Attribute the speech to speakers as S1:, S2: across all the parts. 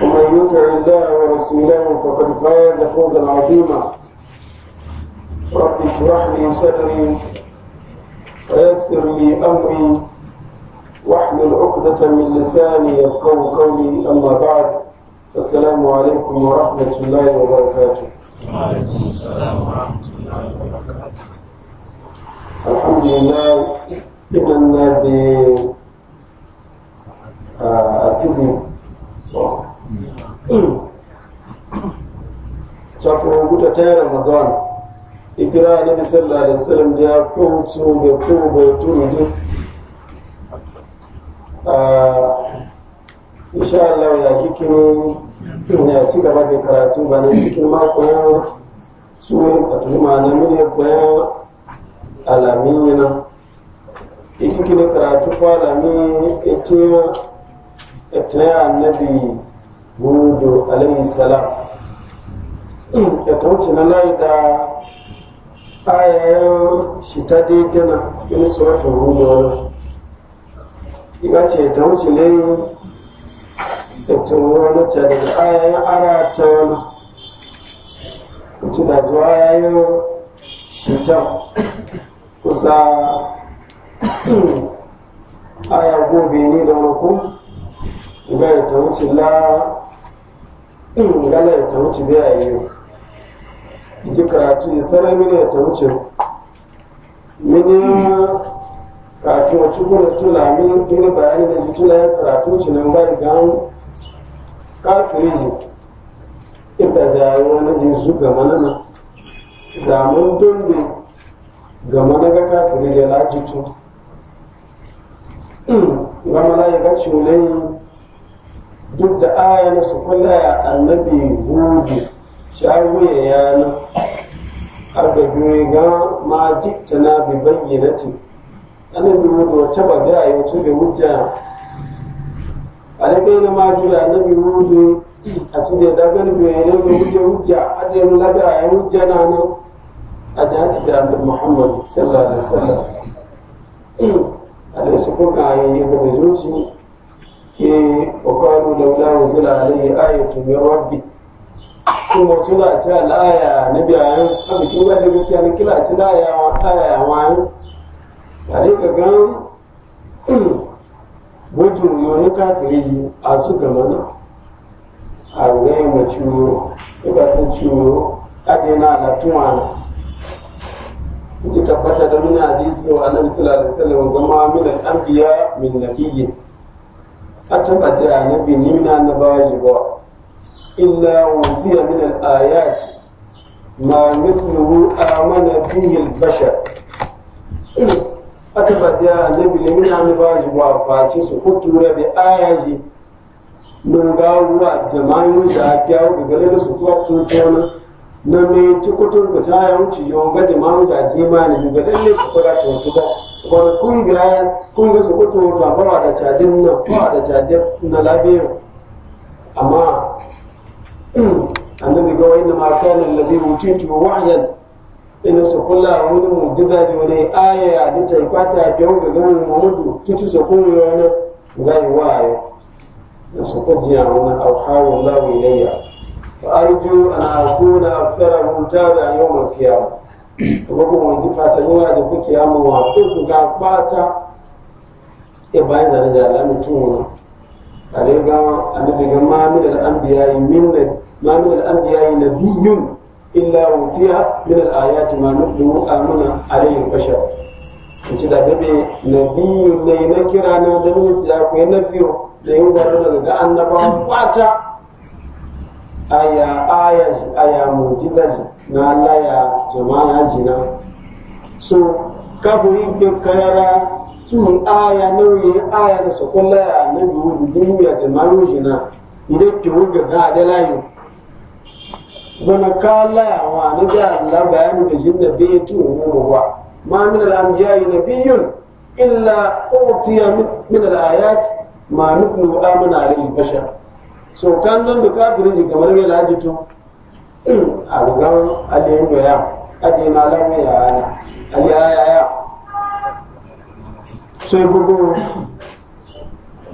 S1: ومن يطع الله ورسوله فقد فاز فوزا عظيما رب اشرح لي صدري ويسر لي امري واحلل عقدة من لساني يلقوا قولي اما بعد السلام عليكم ورحمة الله وبركاته. وعليكم السلام
S2: ورحمة الله وبركاته.
S1: الحمد لله إننا ب آه... cakoguta ta ramadan ikira nabi sallallahu alaihi wasallam da ya kubutu bai kubu bai turu duk insha Allah ya kikini ah, ya ci gaba da karatu ba ne cikin makon su a tuhuma na mini bayan alamin yana ikikini karatu fa alamin ita ita annabi hudu alayhi salam etauci hmm, na layi da ayayen shi ta daidana wani suratun hudu wani iga ce etauci ne etun wani ta daga ayayen ara ta wani ci da zuwa ayayen shi ta kusa hmm, aya gobe ne da wani kuma ya etauci la gala ya ta wuce bai yi yi Ji karatu ya sarai mini ya ta wuce mini karatu a cikin da tula mini bayani da jitula ya karatu ci nan ba da gan kafiri ji isa zayi wani ji su ga manana zamun dole ga managa kafiri ji lajitu gama la ya ga ciwulayin duk da aya na su kula ya annabi hudu ya yana har da biyu ga ma na bi bayyanati annabi hudu wata ba ga yi wata bi hujja alaƙai na majula annabi hudu a cikin dagar biyu ne bi hujja hujja a da yi laga a yi hujja na nan a jihar da annabi muhammadu sallallahu alaihi wasallam alaihi su kuka yi yi ga zuci ke ƙwaƙwaru da wula wa zula alayhi ayatu min rabbi kuma tuna ci al'aya na biyayen abokin wanda gaskiya na kila ci la'aya wa aya ka a ne ka gan gujin yoni a su gama na a gaya ma ciwo ba san ciwo na tuwa na ki tabbata da muna hadisi wa annabi sallallahu alaihi wasallam zama min al-anbiya min nabiyyin a taɓa da annabi nina na baji ba illa wuziya min al-ayat ma mithluhu amana bihi al-bashar a taɓa da annabi nina na baji ba face su kutura bi ayaji mun ga ruwa jama'in da kyawu ga galar su kuwa tutona na mai tukutun da ta yawuci yawon ga jama'in da jima ne ga lalle su kula tutu ba wani kungiya ya kungiya su kuto to ba wa da cadin na ba da cadin na labiyan amma annabi ga wani ma kana alladhi utitu wahyan ina su kula wani mu'jiza ji wani aya ya da ta kwata ga ganin muhammadu tutu su kun yana ga yi da su a wani auhawu lahu ilayya fa arju an akuna aktharu tabi'a yawm al gbogbo wọn ti fata ní wọn àti kókè àmọ wọn kuka ga pátá ìbá yìí zàlẹ zàlẹ àmì tún wọn àlẹ gan àlẹbi gan máa mi lẹnu àmbíyá yìí mi lẹ máa mi lẹnu àmbíyá yìí lẹ bí yún a mi lẹnu àyà ti máa da na biyu ne na kira na da minisiya ku na fiyo da yin daga annabawa kwata aya aya aya mujiza na Allah ya jama'a jina so kaburi ke karara tun aya nauyi aya da su kula ya nabi wani dubu ya jama'a jina idan ki wuga za a da layu wani kala ya wa na ga Allah bayanu da jinna be tu umurwa ma min al-anbiya'i nabiyyun illa utiya min al-ayat ma mithlu amana alayhi bashar so kan don da kafirin shi kamar mai lajito a gugan aliyin goya adi na alamu ya ana aliya ya ya so yi gugu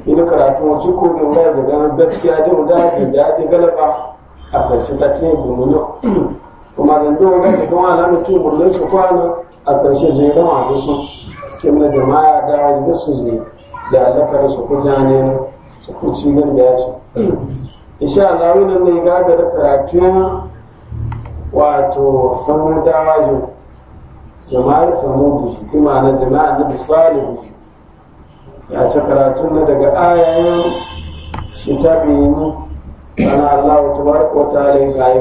S1: ina karatu wasu ko bin waya da ganin gaskiya da da da da galaba a ƙarshen latin gurmuna kuma da ndo ga da kuma alamu tun gurmuna su kwana a ƙarshe zai gama da su kimna jama'a da wani su zai da alaƙar su kujane ku ci gan da insha Allah wannan ne ga da karatu wato famu dawajo kuma na jama'a na salihu ya ci karatun na daga ayayen shi ta ana Allah tabaraka wa ta'ala ya yi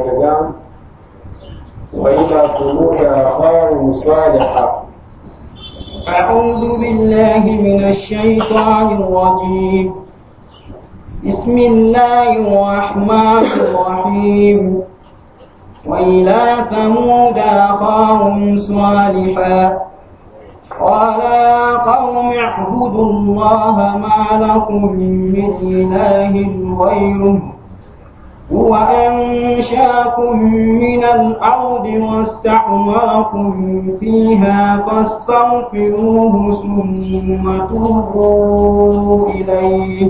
S1: wa ila da salihah
S2: أعوذ بالله من الشيطان الرجيم بسم الله الرحمن الرحيم وإلى ثمود أخاهم صالحا قال يا قوم اعبدوا الله ما لكم من إله غيره هو أنشاكم من الأرض واستعمركم فيها فاستغفروه ثم توبوا إليه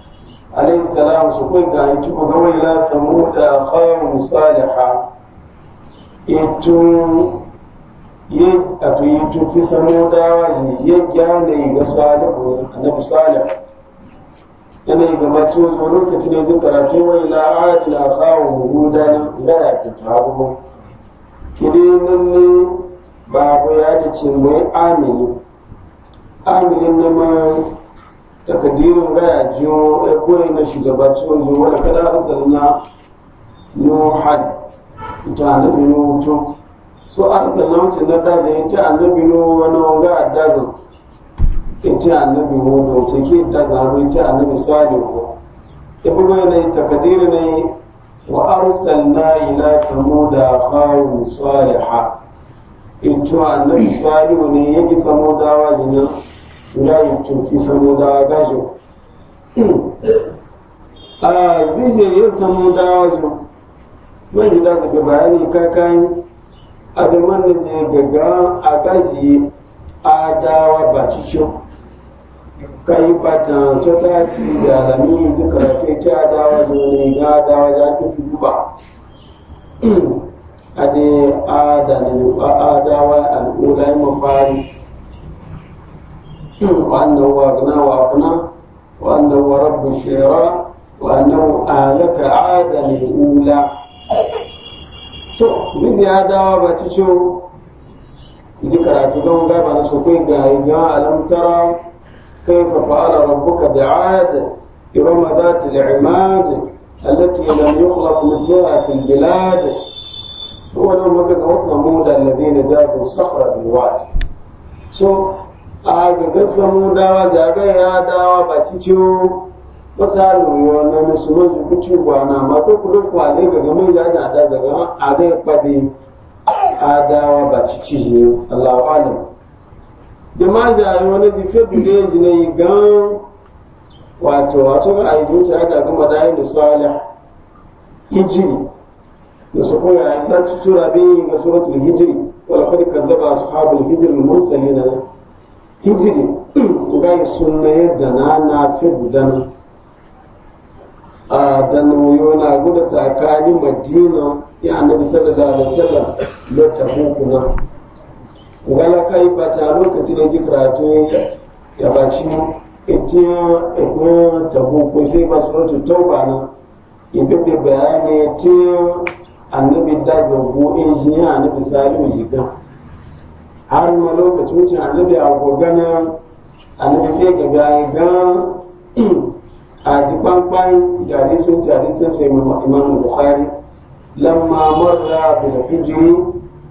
S1: alayhi salam su kun ga itu ga wayla samuda khairu salihah itu ye ato itu fi samuda waji ye gane ga salihu annabi salih yana ga mato zo lokaci ne duk karatu wayla adil akhawu hudan gara kitabu kidinin ne babu ya da cin mai amini aminin ne ma takadirin gaya jiyo ya koyi na shugabacin wani wani kada na nuhad ita annabi nuhu so a wuce na daza ya ce annabi nuhu wani wanga a daza ya ce annabi hudu wuce ke dazan ya ce annabi salihu ya bugu takadirin na ne wa arsalna ila thamuda khawun saliha ito annabi salihu ne yake dawa jinan ngayi tufi samudawa gajo a zije yin samudawa jo man yi da zabi bayani kakan abirman da zai gaga a gaji a dawa ba cikin kai bata ta ta ci da alami duka kai ta dawa da ne ga dawa ya ta fi duba a da adawa al'ulai mafari وأنه أغنى وأقنى وأنه رب الشعراء وأنه آلك عادة الأولى شوف زي هذا دعوة بتشو ذكر أتلون قاب أنا سوكين قايقا ألم ترى كيف فعل ربك بعاد إرم ذات العماد التي لم يخلق مثلها في البلاد هو لو ما قد وصل مولى الذين جابوا الصخرة بالوادي سو so, a gaga famu dawa zagaya dawa ba ciciyo masarin wani musulman zukuci kwana ma ko kudu kwale ga mai ya na da zaga a ga kwabe a dawa ba ciciyo Allahu alam da ma zai wani zife dule yi gan wato wato ga ayi zuciya da ga madayin da salih hijiri da su koya da sura bin ga suratul hijri wala qad kadzaba ashabul hijri al na. hijiri ngai sunna yadda na na fi gudana a da na guda tsakanin madina ya annabi sallallahu alaihi wasallam na tabukuna ngala kai ba ta lokacin da karatu ya baci etiya ekun tabukun sai ba rutu tauba na ibebe bayani etiya annabi da zango injiniya annabi salihu jikan har ma lokacin wuce annabi a gogana annabi ke ga bayan gan a ji kwankwan jari sun jari sun sai imam bukhari lamma marra bil hijri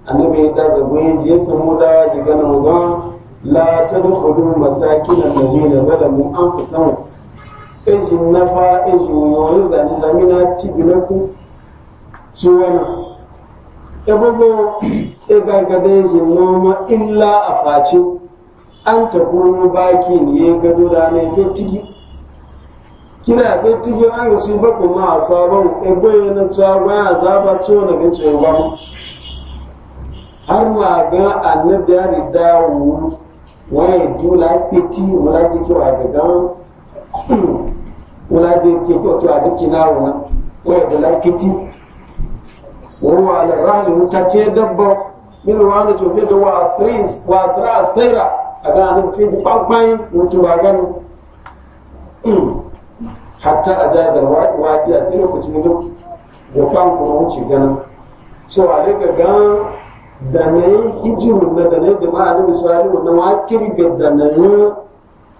S1: annabi ya da zago ya je samu da ji gana mu ga la tadkhulu masakin an zalamu anfusahum ejin nafa ejin yoyin zani zamina tibinaku ya ebogo e gargada shi noma illa a face an ta koyo baki na ya gado da na ke tigi kina ke tigi an yi su bako ma a sabon e goye na tuwa ya za ba na bai tsaye ba har ma ga annabi ya rida wuru wani dula peti wula jiki wa gagan wula jiki wato a duki na wuna wani dula peti wuru wa alarrahani wuta ce dabba min ruwana to fi da wa asris wa asra saira aga anan fi ji pampai mutu wa gano hatta ajaza wa wa ti asira da tun do da kan ku mu ci gano so ale ga ga da ne hijiru na da ne jama'a ne misali na wa kiri ga da ne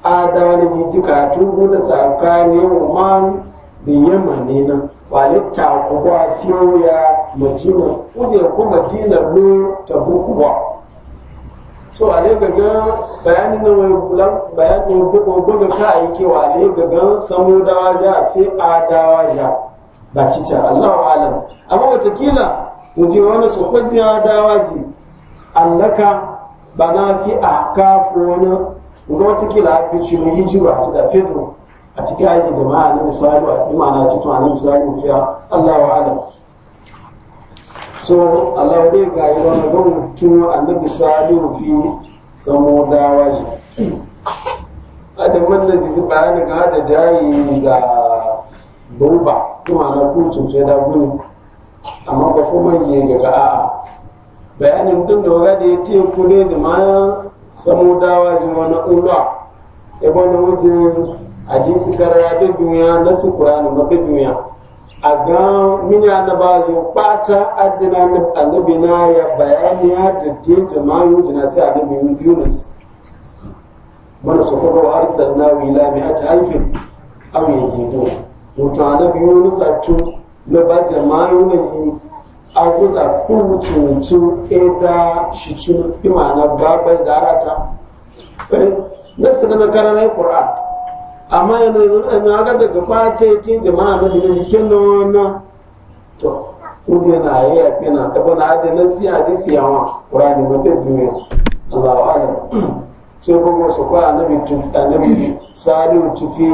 S1: adawa ne ji ka tun da tsakanin Oman da Yemen ne na wale ta ku ba fiyo ya madina wuje ko madina lo ta ba so ale gaga bayani na wai bulan bayani ko ko ko da ka yi kewa ale gaga samudawa ja fi adawa ja ba cica Allahu alam amma watakila wuje wani su kwajiya adawa ji allaka bana fi kafu wani ga watakila a fi shi yi jiwa a ci da fito a cikin aiki jama'a na misali a ɗima na cikin a na misali fiya Allahu alam so Allah bai ga yi wani ga mutum annabi salihu fi dawa shi A da zai bayani ga da dayi ga bauba kuma na kucin sai da gudu amma ba kuma ga ga a bayanin din da waga da ya ce ku ne da ma dawa shi wani ulwa ya bani wajen hadisi karara da duniya su kurani ba da duniya a ga mini annaba zo bata addina annabi na ya bayani ya jiddi jama'u jina sai annabi Yunus mana su kuma arsalna ila mi ata alfin aw yazidu mutum annabi Yunus a cu na ba jama'u na yi a guza kuwuce wuce eda shi cu imana gabar da arata eh, na sinana kararai Qur'an amma yanzu na ga daga kwace tin jama'a na daga jikin na wannan to na yi ya na taba na na siya di wa ba ta duniya Allah wa
S2: alam
S1: sai kuma su kwa annabi tufi annabi salihu tufi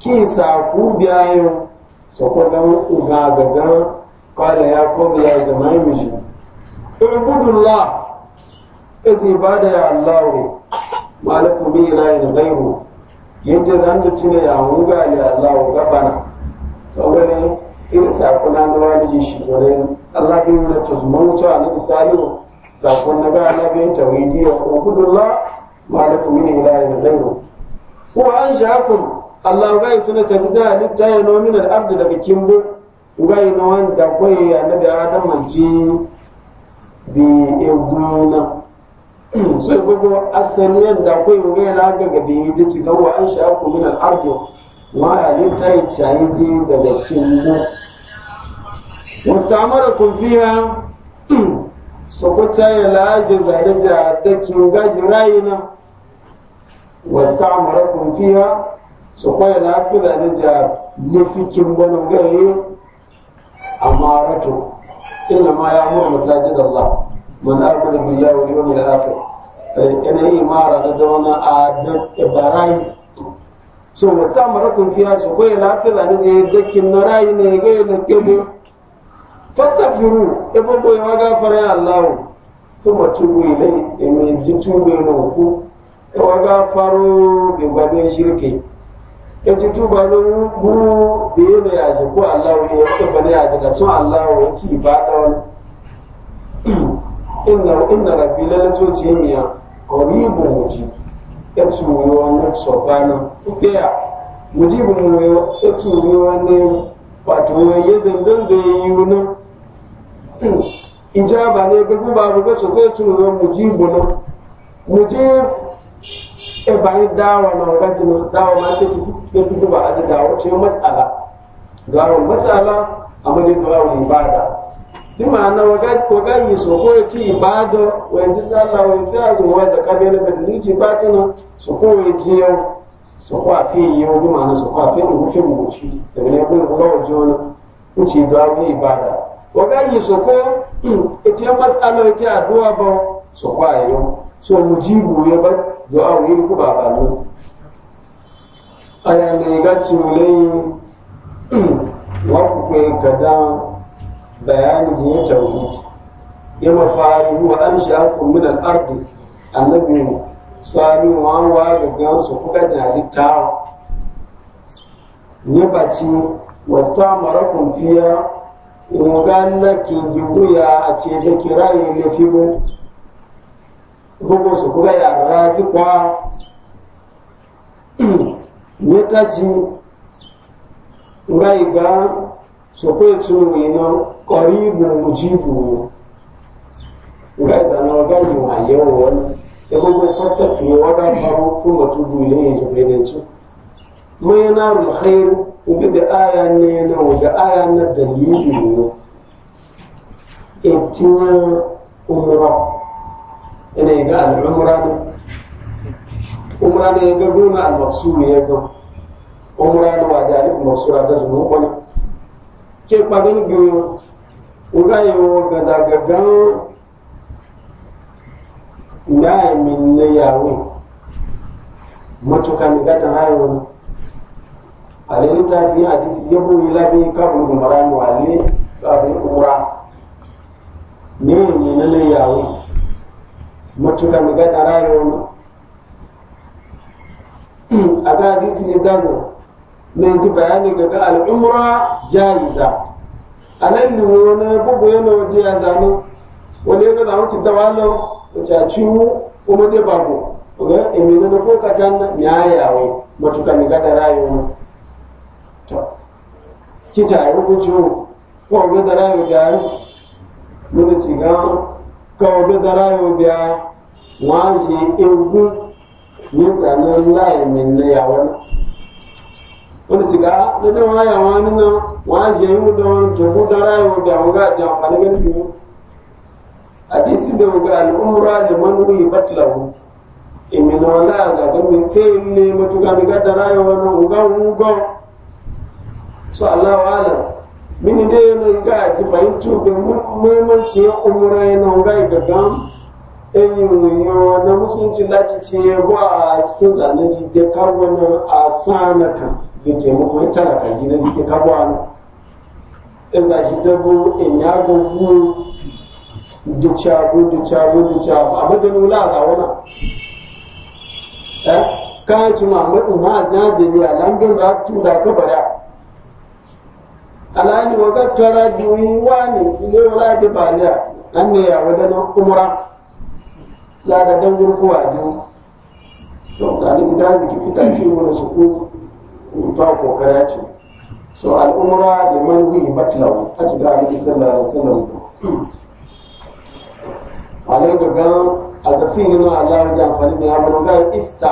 S1: ki sa ku biyayen su kwa dan uga gaga kwada ya kobi ya mishi ubudullah e ibada ya Allah malakum min ilahin ghayru yadda zan da cine ya huga ya Allah wa gabana to wani irin sakon na wani shi to ne Allah bai wuna a na misali sakon na ga Allah bin tawhidiya wa Malakun malakum min ilahin ghayru ko an shakum Allah bai suna ta ta ni ta yi no min al-abd daga kimbo gai no wanda koyi annabi Adam ji bi eguna so gogo asali yadda kai ngai la ga gabe yi ci kawo an sha ku min al wa ali yi chai ji da bakin mu wastamarakum fiha so ko chai la ji zare ja da kin gaji rayina wastamarakum fiha so ko la fi da ne ja ne fikin bonon gaye amaratu inna ma ya'muru masajidallah man amana billahi wal yawmil akhir ina yi mara da dona a da barai so wasta marakun fiya su ko na rai ne ga ne kebe fastaghfiru ibo boy ma gafara ya allah thumma tubu e wa tuba bi ne ya ko ya ke bane ya ji so allah ya ti inna inna rabbi lalato ce ibu qaribu etu yo na sobana ukeya mujibu mu yo etu yo ne wato ye zandan da yiwu na ijaba na ga guba bu ga so ko etu yo mujibu na e bayi dawa na wadaji na dawa ma nke tupu ke ba a da dawa ce mas'ala dawa mas'ala dawa bi ma'ana waga yi so ko ti ibado wa ji sallah wa fi azu wa zakka bi na ni ji batina so ko yi ji yau so ko afi yi bi ma'ana so ko afi ni mushi mushi da ne ko ko ga jona ku ci da bi ibada waga yi so ko ite masala ite addu'a ba so ko ayo so mujibu ya ba du'a wi ku ba ba no aya ne ga wa ku bayani jin tauhid yawa faruwa wa an sha'akum min al-ard annabi salihu wa wa ga su kuka jali tawo ne baci wastamarakum fiya uganda kin jiguya a ce da kirayi ne fibo bugu su kuka ya razi kwa ne ta ci ga su kai tsoro ne قريب مجيب وإذا نرجع مع يوم يقول لي في وضع وغفر ثم توب إليه تبلغنته ما ينار الخير وبدا آية نينا وبدا آية ندليل اتنا عمرة أنا يقال العمرة عمرة أنا يقولون المقصود يفهم عمرة وعدالة المقصود هذا زنوبنا كيف ما بين ugayewo gazagagan ndaye minne yawe matuka gata hayo ni fi hadisi yabu ilabi kabul umran wa ali kabu umra ne ne lalle yawe matuka gata hayo aga hadisi jidazo ne ji bayani ga al'umra jaiza anan ni wona bubu yano je azanu wani ga da mutu da wallo ta ciwo kuma dai ku ga emina na ko katan nyayawo matuka mi gada rayo to kita ai rubu ciwo ko ga da rayo da mun ci ga ko ga da rayo biya waje ku, ni tsanan layi min ne yawon wani ci ga da da waya wani na wọ́n á jẹ irú lọ́n jọ̀bú dára ẹ̀rọ bí àwọn ọgá àjẹ àǹfààní gẹ́gẹ́ bí wọn. àdìsí bẹ̀rù gba àlùkùnmùrà lè mọ́ nínú yìí bàtìlà wọn. èmi náà láàzà gẹ́mi fẹ́ẹ́ lé mọ́tòkàmí ká dára ẹ̀rọ náà ọgá òun gọ́. sọ aláwọ̀ àlà mí dé ẹnu ìgbà àti enyi wuyo na musulunci lati ce wa a sinza na jide kabo na a na ka da Eh? za shi dabo in ya ga wu da cago da cago da cago a madani wula a zawana eh kan ci ma madu ma jaje ne alangin ga tu za ka bara alani wa ga tara biyu wani ne wala da baliya nan ne ya wadana umra la da dan gurkuwa biyu to ga ni da ziki fita ci wani su ku ta kokara ce so al'umura da manwi matlaw a cikin gari isa da ku. alai ga gan a gafi ne na Allah da amfani da yamuru ga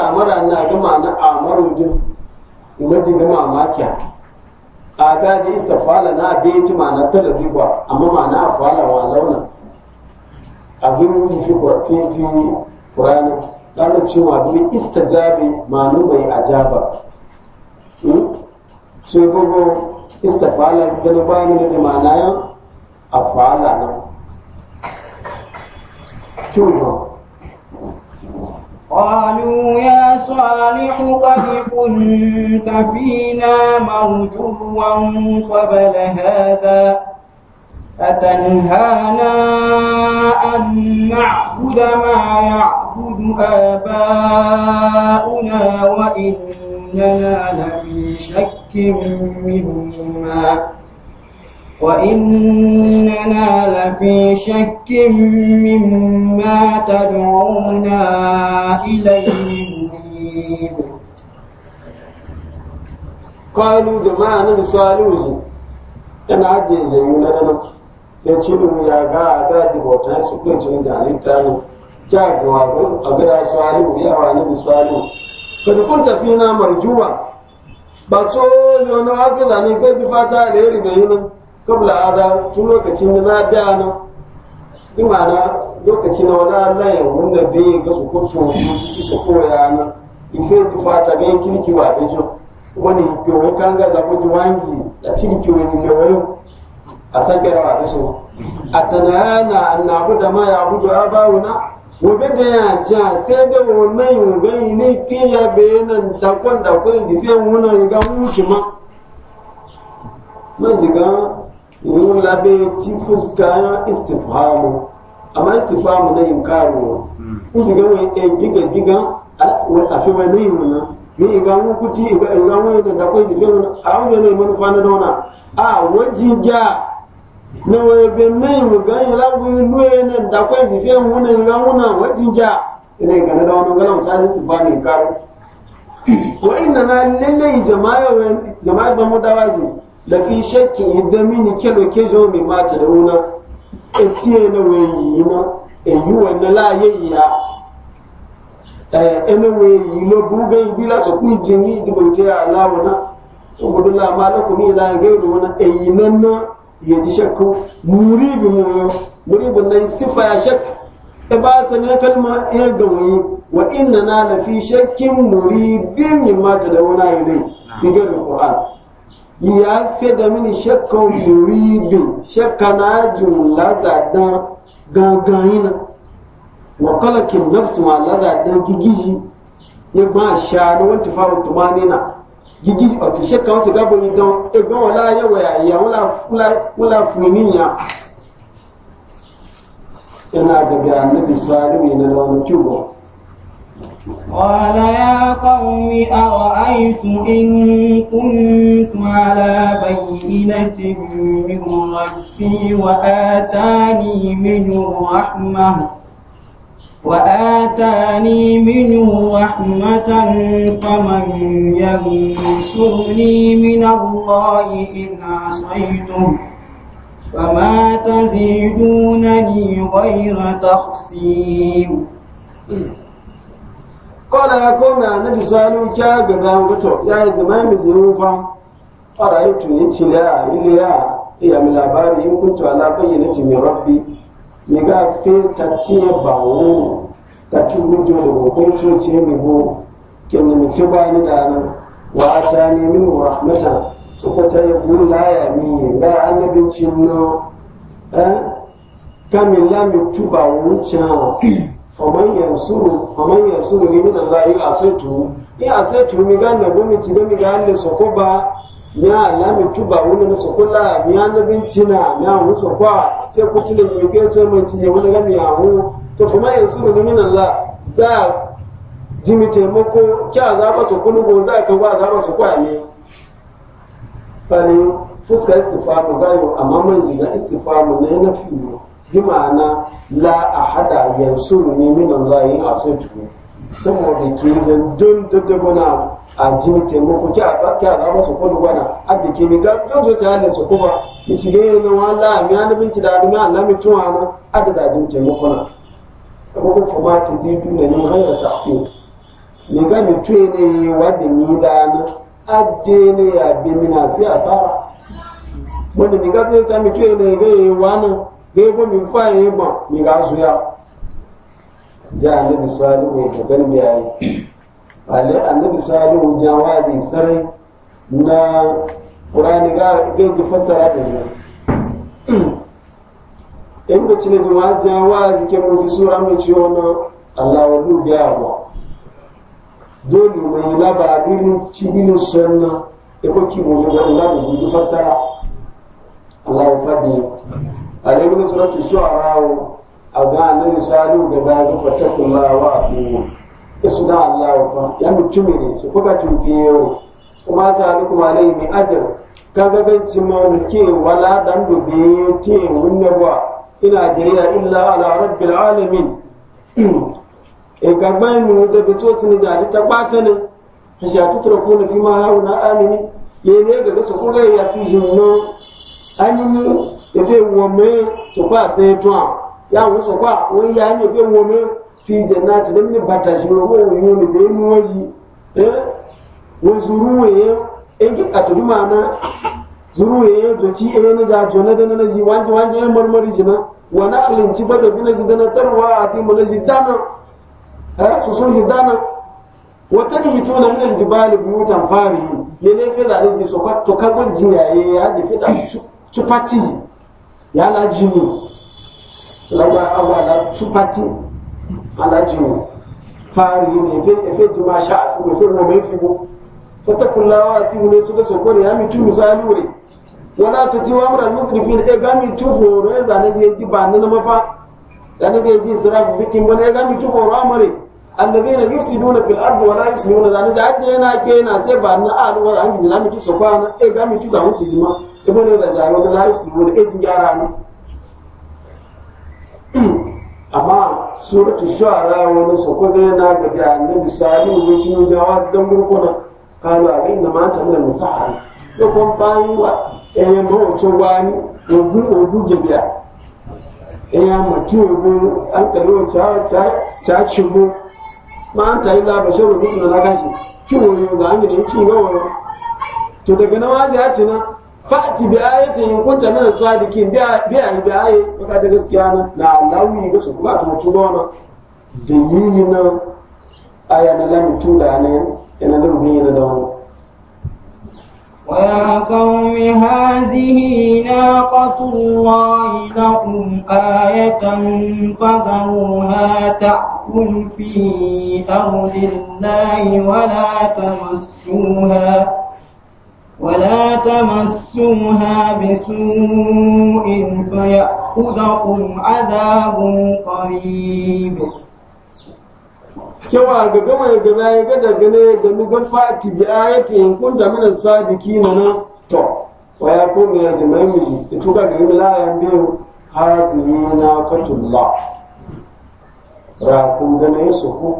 S1: a Mara na gama na amaru din imajin gama makiya a ga da istafala na bai ci ma na talabi ba amma ma na fala wa launa A gini yi fi fi qur'ani dan cewa bi istajabi manu bai ajaba shi gogo istafala gani bani da
S2: قالوا يا صالح قد كنت فينا موجوا قبل هذا أتنهانا أن نعبد ما يعبد آباؤنا وإن إننا لفي شك مما وإننا لفي شك مما تدعونا إليه مريب قالوا جماعة نسالوزي
S1: أنا عجي جيونا أنا يتشيلوا يا غا غا جبوتان سكوتين جاني تاني جاء جواب أبرا سالو يا واني سالو kad kunta fina marjuwa ba to yo na haka da ne kai fata da yari da yinan kabla ada tun lokacin da na biya na bi ma'ana lokacin na wala Allah ya wanda bai ga su kunto su su koya na ife fata ga kirki ba da jo wani yo kan ga zabo wani ya abudu abawuna gobe da ya ja sai da wannan yugan ne ke ya bayanan dakon dakon jife wuna yuga wuce ma man jiga wani labe ci fuska istifhamu amma istifamu na inkaro ku hmm. jiga wani ɗan e giga giga a fi wani yi muna ni iga mu kuti iga iga wani da dakon jife wuna a wani ne manufa na dauna a wajen ja na webe mai muga ya lagu luwe na da kwai su fiye muna ga muna wajin ja ina ga na dawo ga nan sai su ba ni karo wa inna na lalle jama'a jama'a ba mu dawaji da fi shakki idan mini kelo kejo mi mata da una etie na e e weyi na eyi wona e la ye ya eh ene weyi lo buga ibila so ku jinni jibo te ala wona so modulla malakum ila gairu wona eyi nan na ya ji shakku bi muyo bi nan sifa ya shakku ta e ba sa ne kalma ya gawayi wa inna na lafi shakkin muribin min mata da wani ayi ne da qur'an ya fi da mini shakkan bi shakka na jumla zadan gagayi na wa kalakin nafsu ma da gigiji ya ba sha da wani tufawar tumanina gigi ọ̀tún ṣe kan ti gábò ní dán ẹgbọ́n wọn láyé àyà wọn là fún ní ìyà àgbẹ̀bẹ̀ ànábì sọ àríwì ìlànà ọ̀nà tí ó bọ̀.
S2: قال يا قوم أرأيتم إن كنت على بينة من ربي وآتاني منه رحمة وآتاني منه رحمة فمن ينصرني من الله إن عصيته فما تزيدونني غير تخسير قال أقوم
S1: يا نبي سالو كا غبان يا زمان مزيوفا أرأيت يتشلا إليا يا من الأبار إن كنت على بينة من ربي niga fe tatiye bawo tati wujo da gobe coce mi bo kenan mi fi bani da nan wa atani min rahmata su kwata ya kuru laya mi ga annabin cinno eh kamin lami tuba wucin faman yansuru faman yansuru ni min Allah ya asaitu ya asaitu mi ga na gwamnati da mi ga Allah sokoba miya lami tuba wani na sokula miya na bincina miya wani sokwa sai ku tule ne ke ce mai cinye wani ga miya hu to kuma yanzu ne minan la za mi taimako kya za ba su ko za ka ba za ba su kwa ne bane fuska istifamu ga yau amma mai jiga istifamu ne na fiyo bi ma'ana la ahada yansuru ni min Allah yin a saboda ke zan dun na. ajiyo ki a bakki a zama su kudu na a biki mi gan zo ta halin su kuma iti ga na wala a mi ana binci da na ọkpọkọ da da na kuma ni hanyar tasiri mi ga mi ne wa mi da ya bi mi na asara mi ga ta mi ne ga yi wa na ga ko mi fa ba mi ga ja ya ga ale annabi salihu jawazi sarai na qur'ani ga gaji fasara da ne in da cile zuwa jawazi ke mutu sura mai ciwo na allah wa wa dole mai laba bilu cibilu sunna e ko ki mu ga allah da ji fasara allah ya fadi ale ibn suratu shu'ara a ga annabi salihu da ga fatakullahi wa isuda Allah fa ya mutume ne su kuka tumfiye yau kuma sa'alukum alayhi min ajr kaga ganci ma muke wala dan dubi te wunne ba ina jiriya illa ala rabbil alamin e gagba mu da to tini da ta kwata ne sha ko kuna fi ma hauna amini ye ne ga su kula ya fi jinno anini efe wome to kwa te twa ya wo so kwa wo ya ni efe wome fi jannati dan min bata shi ro wo yo ni be mu waji eh wo zuru ye en ki atudi mana zuru ye to ci e ne ja jona dan na ji wanke-wanke en marmari jina wa na alin ci bada na ji dana tarwa a mu na ji dana eh su sun ji dana wa tadbituna min aljibali buyutan farihi ye ne fe da ji so ka to ka gon jiya ye ya ji fe da chupati ya la jini lawa awa la chupati alájìwò fáàrí ní efe tó máa ṣáàfù efe wọn mẹ́ fi wọ́n fọ́tẹ́kùnláwà àti wọlé sókèsókò rẹ̀ yàmì tún misali rẹ̀ wọ́n á tó tí wọ́n múra mùsùlùmí ní ẹgbàmì tún fòrò ẹ̀ zanẹ́sì ẹjì bá nínú mọ́fá zanẹ́sì ẹjì ìsirà fífi wọn ẹgbàmì tún fòrò amọ̀rẹ̀ alẹ́gbẹ́ na e gífsì dúró fil ardu wọn láyé sinú wọn zanẹ́sì àti ẹ̀ náà gbé náà sẹ́ bá ní àlùwọ̀ àmì jìlámi tún sọ̀kọ́ àná ẹgbàmì tún sàwọn tì jìmá ẹgbẹ́ náà zanẹ́sì àyọ̀ amma suratu shu'ara wani sako ga yana daga annabi salihu ya ci jawa su don gurkuna kalu a bai nama ta nuna musahari da kuma bayi wa ɗaya mawace wani ogun ogun gibiya ɗaya mutu ogun an ɗari ta ci bu ma an ta yi labashin rubutu na gashi kiwo yau za a yi da ya ci gawa to daga na waje ya ci na fati bi ayatin in kunta min sadiqin bi bi ayi bi ayi maka da gaskiya na la lawi ga su ba ta mutu ba na da yini na aya na lamu tuda ne ina da mun na da wani wa ya qaumi hadhihi
S2: naqatu llahi lakum ayatan fadaruha ta'kul fi ardillahi wa la tamassuha ولا تمسوها بسوء فيأخذكم عذاب قريب kewa ga gama ya gaba ya ga daga
S1: ne ga mi ga fati bi ayati in kun da min sadiki na na to wa ya ko mi ya jama'i mi ji to ga ga la ya bi hadhihi na katullah ra kun ga su ku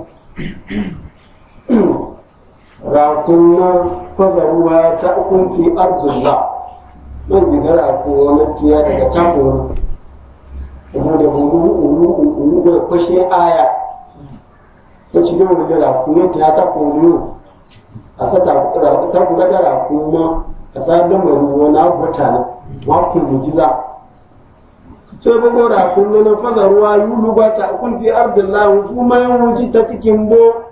S1: ga kunna fadaruwa ta kun fi arzullah na zigara ko wani tiya daga takon kuma da bulu ulu ulu da kwashe aya ta ci da wani da kuma tiya ta koyo a sa ta kuma da kuma a sa da mai wani abuta ne wa kun mujiza ce bugo da kunna na fadaruwa yulu ba ta kun fi arzullah kuma yan wuji ta cikin bo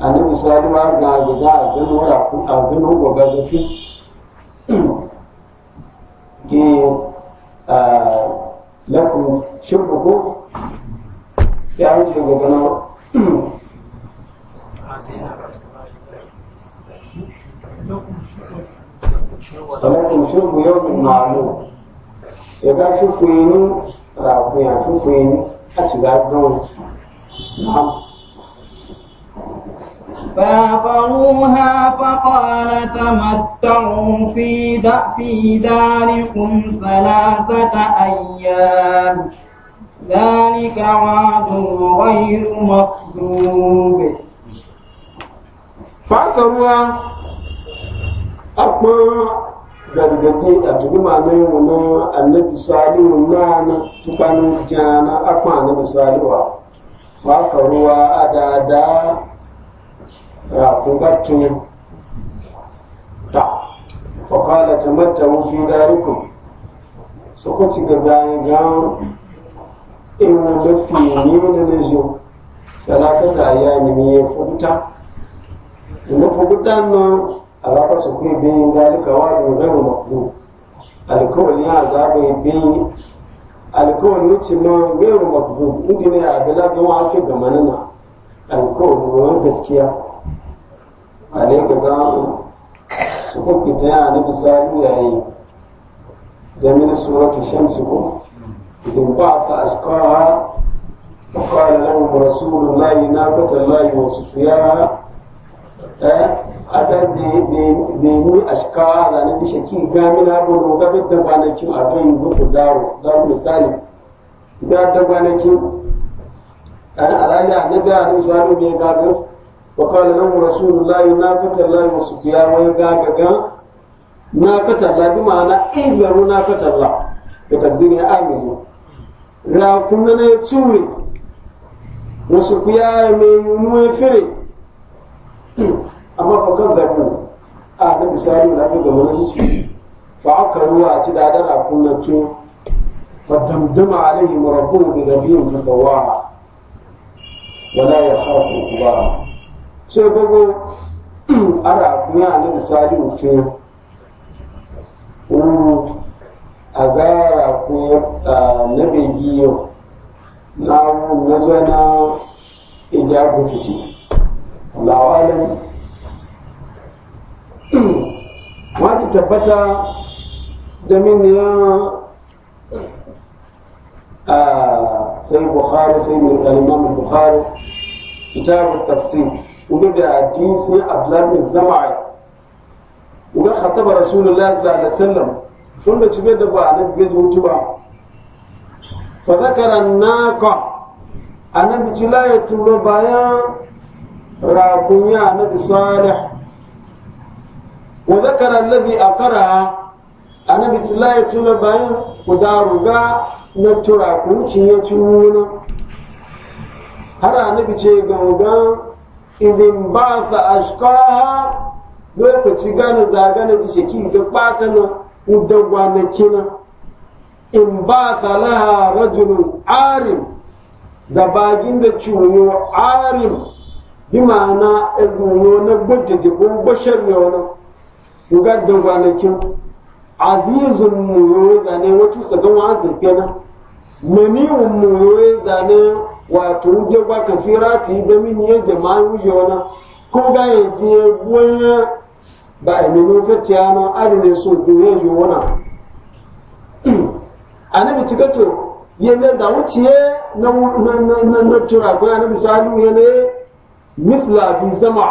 S1: annabi salima ga gida a gano wara ku a gano gobe da fi ge lakun shirku ko ya wuce daga gano lakun shirku yau min ma'alu ya ga shufu yi ni rakuya shufu yi ni a shiga gano na'am
S2: فعقروها فقال تمتعوا في داركم ثلاثة أيام ذلك وعد غير مكذوب فعقروها أقوى
S1: gargatai a tuhuma na wuna annabi salihu na na tukanin jana akwa annabi salihu fa ruwa a dada rakubar tuyin ta faƙala ta matta mafi darikun su ku ci gaba ya gawo in mafi ne da na zo salasata ya nemi ya fuguta ina fuguta nan a zaɓa su kuma bin dalika wa da zai ma mafi alkawali ya zaɓa bin ne gaskiya ale ga gamu su kuka ta yana na bisani yayi da min suratu shamsi ko idan ba ta askaha فقال لهم رسول الله ناقة الله وسقياها aka zai ashkawa da na ji shaki gami na bin roga bin da kwanakin a kan gudu daro daro misali da da kwanakin an alani a nabi a nusa ne ga gabin وقال لهم رسول الله ناقة الله وسقيا ويغاغا ناقة الله بمعنى إيغر ناقة الله بتقدير آمن لا كنا نتوري وسقيا من نوفر أما فقد ذكروا أهل بسالي ولا بد من شيء فعقروا أتدادا كنا تو فدمدم عليهم ربهم بذنبهم فسواها ولا يخاف عقباها so gbogbo ara kun ya ne misali mutum wuru a gara kun na begi yau na na zuwa na ija ku fiti lawalan wata tabbata da min ya sai bukhari sai min al bukhari kitab tafsir uga da hadisi abdullahi bin zama'i uga khataba rasulullahi sallallahu alaihi wasallam sun da cibe da ba na gaji wucewa fa zakara naqa annabi ci la ya turo bayan rakunya annabi salih wa zakara alladhi aqara annabi ci la ya turo bayan kudaruga na tura kuncin ya ci wuna har annabi ce gangan idin ba sa ashkaha lokaci gane zagane ta shaki ta ɓata na udan gwanaki na in ba sa laha rajulun arim zabagin da ciwo arim bi ma'ana ezuwo na gwajaje ko bashar ne wani ugar da gwanakin azizun muyo zane wacce sa ga wasan na maniwun muyo zane wato wuje gwa kafira ti yi domin ya jama'a wuje wana ko ga ya je gonya ba a nemi fati yana arzai so ya yi wana annabi cika ya ne da wuciye na na na tura ko annabi salu yana mithla bi zama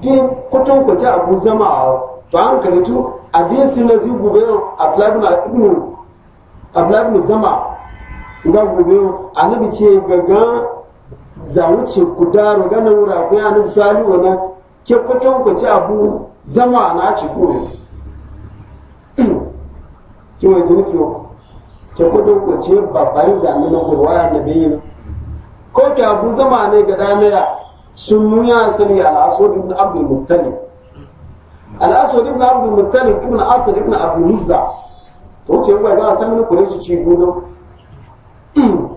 S1: din kutun kwace abu zama to an kalitu a dinsi na zai gobe a ibn zama nga gobe annabi ce gaga za wuce ku gana wura ku ya annabi salihu wana ke kwatan ku ci abu zama na ci ko ki wai tuni fiyo ke kwatan ku ce babban zami na kurwa ya annabi yi ko ki abu zama ne ga danaya sun nuya sani al'asod ibn abdul muttalib al'asod ibn abdul muttalib ibn asali ibn abu muzza to ce wai ga san ni kureshi ci gudu nọ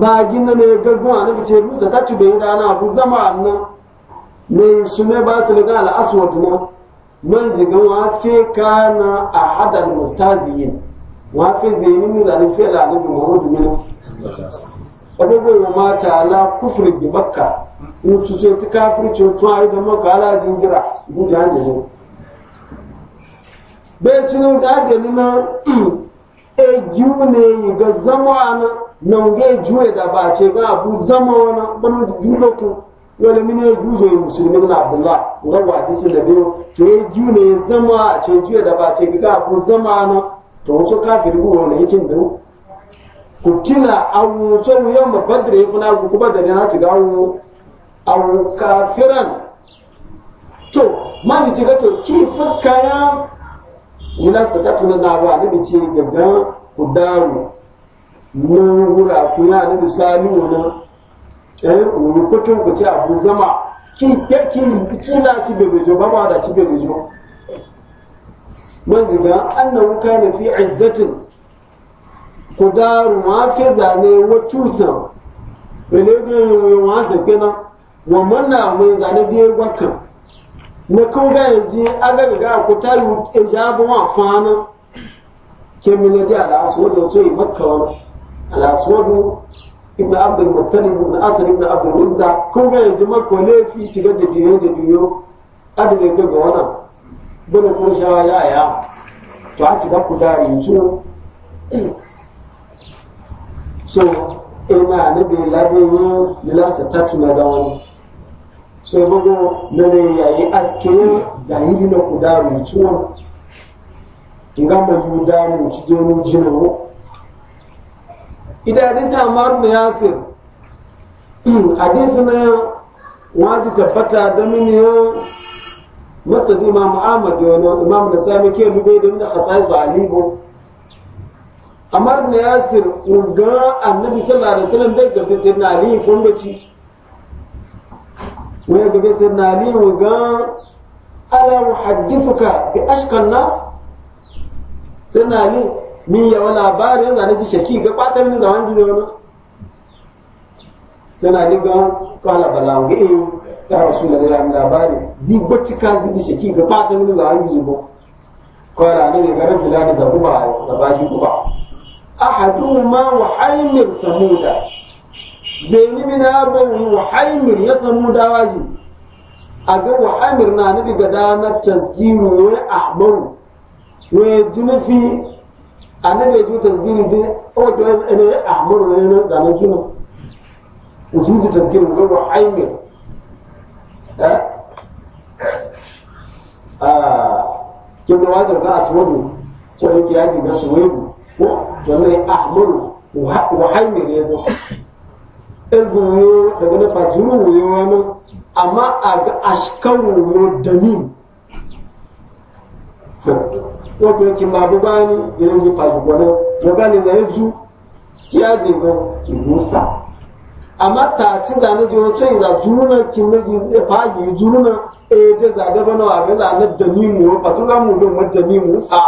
S1: na ne gaggun a nabi ce musa ta ci bai zama na man zigan wafe kana a hadar mustaziyin wafe zainin ni zanen fiye da annabi muhammadu mina ma ala ala na e ne ga zama ana nan ga juye da ba ce ba abu zama wana banu judo ku wala mine juzo yi musulmi na abdullah ga wa disi da biyo to e ne zama a ce juye da ba ce ga abu zama ana to wasu kafiri ko wani yakin da ku tila awu to mu yamma badre kuna ku kuma da na ci ga awu awu kafiran to ma ji ci ga to ki fuska ya ila sakatu na na ba nabi ce gaga ku dawo na wura ku ya nabi sami wani eh wani kutun ku ce abu zama ki ki ki na ci bebejo ba ba da ci bebejo man ziga annahu kana fi izzatin ku daru ma ke zane wa tusan bele ga yi wa sa kenan wa manna mai zane da gwakan na kunga yaji agar ga ku ta yi ijabu wa fana ke mina da al-aswad to yi makka wa al-aswad ibn abd al-muttalib ibn asad ibn abd al-uzza kunga yaji makka ne fi tiga da diyo da diyo adin ga ga wannan bana kun shawa ya ya to a ti ga ku da yanzu so ina nabi labi ne lilasa tatuna da wani so bugu nane yayi aske zahiri na kudaru ya ciwon gama yi damu ci jino jinawo idan hadisi amar da yasir hadisi na waji tabbata da mini ya masnad imam ahmad da wani imam da sami ke dube da hasai su alibu amar da yasir ga annabi sallallahu alaihi wasallam daga gabe sai na ali fundaci wai gabe sai na liyu ga ala muhaddithuka bi ashkan nas sai min ya labarin zane ji shaki ga kwatar ni zaman gizo wani sai na li ga kala bala ga eh ya rasulullahi ya labari zi bacika zi ji shaki ga kwatar ni zaman gizo ba kala ne ga rajula da zabuba zabaji kuba ahaduhuma wa zaini min abawi wa ya samu dawaji shi a ga wa haimir na nabi ga damar tasgiru wai ahmaru wai junufi a nabi ju tasgiri je o da ne ahmaru ne na zanen juna mutum ji tasgiru ga wa haimir a kin da wajen ga aswadu ko yake yaji ga suwedu ko to ne ahmaru wa haimir ya zo ezere daga na fajuru wuyo wani amma a ga ashkan wuyo damin wato yake ma bu ni yana zai faji gwana wa bani zai ju ki ya je ga musa amma ta ci zane je wato yi za juruna kin na ji zai faji juruna e eh, da zaga bana wa ga zane damin mu fatula mu don wa damin musa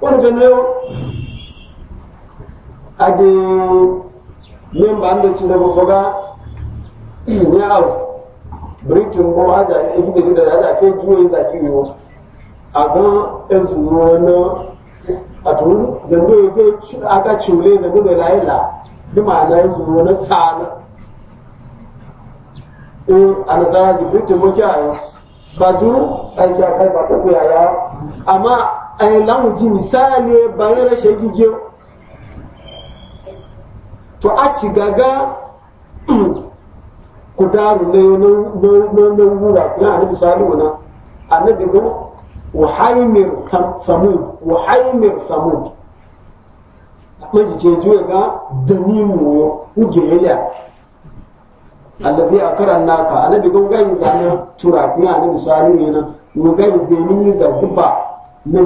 S1: wani ga na yau a yin ba da cin da ba foga ne house britain ko haja e gidi da haja fe juwe za ki yi yo agan ezuro na atun zando yake aka chule da gudu e la ila e bi ma'ana ezuro na sana e in anasara ji britain mo kya ba ju ai kya kai ba ko ya ya amma ai lamu ji misali bayan rashin gigiyo to a ci gaga ku daru na wura na annabi salihu na annabi ga wahaimir samud wahaimir samud maji ce juya ga danimu allafi a karan naka annabi ga ugayi zana tura kuma annabi salihu na ugayi zemin zakuba na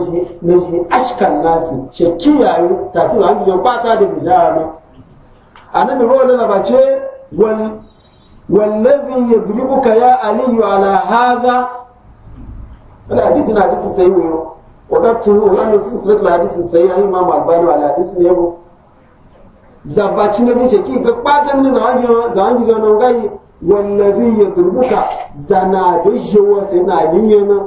S1: shi ashkan nasi shekiyayi ta ci zan bijan ba ta da bijara annabi rola na bace wal wallazi yadribuka ya aliyu ala haza wani hadisi na hadisi sai wani sun wala silsilatu hadisi sai ya ma malbani wala hadisi ne yabo zabaci na dace ki ga kwatan ne zawaji zawaji zo nan gai wallazi yadribuka zana da yawa sai na yin yana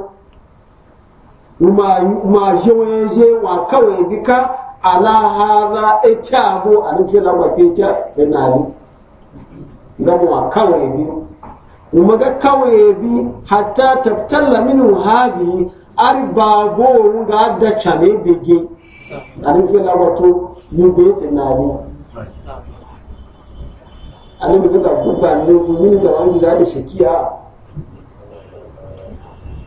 S1: ma ma yawa yaje wa kawai bika ala hadha itabu anfila na fita sanali gamu kawai bi kuma ga kawai bi hatta tabtalla minhu hadhi arbago ga da chame bege anfila wa to ni be sanali annabi ga gubba ne su min zaman da da shakiya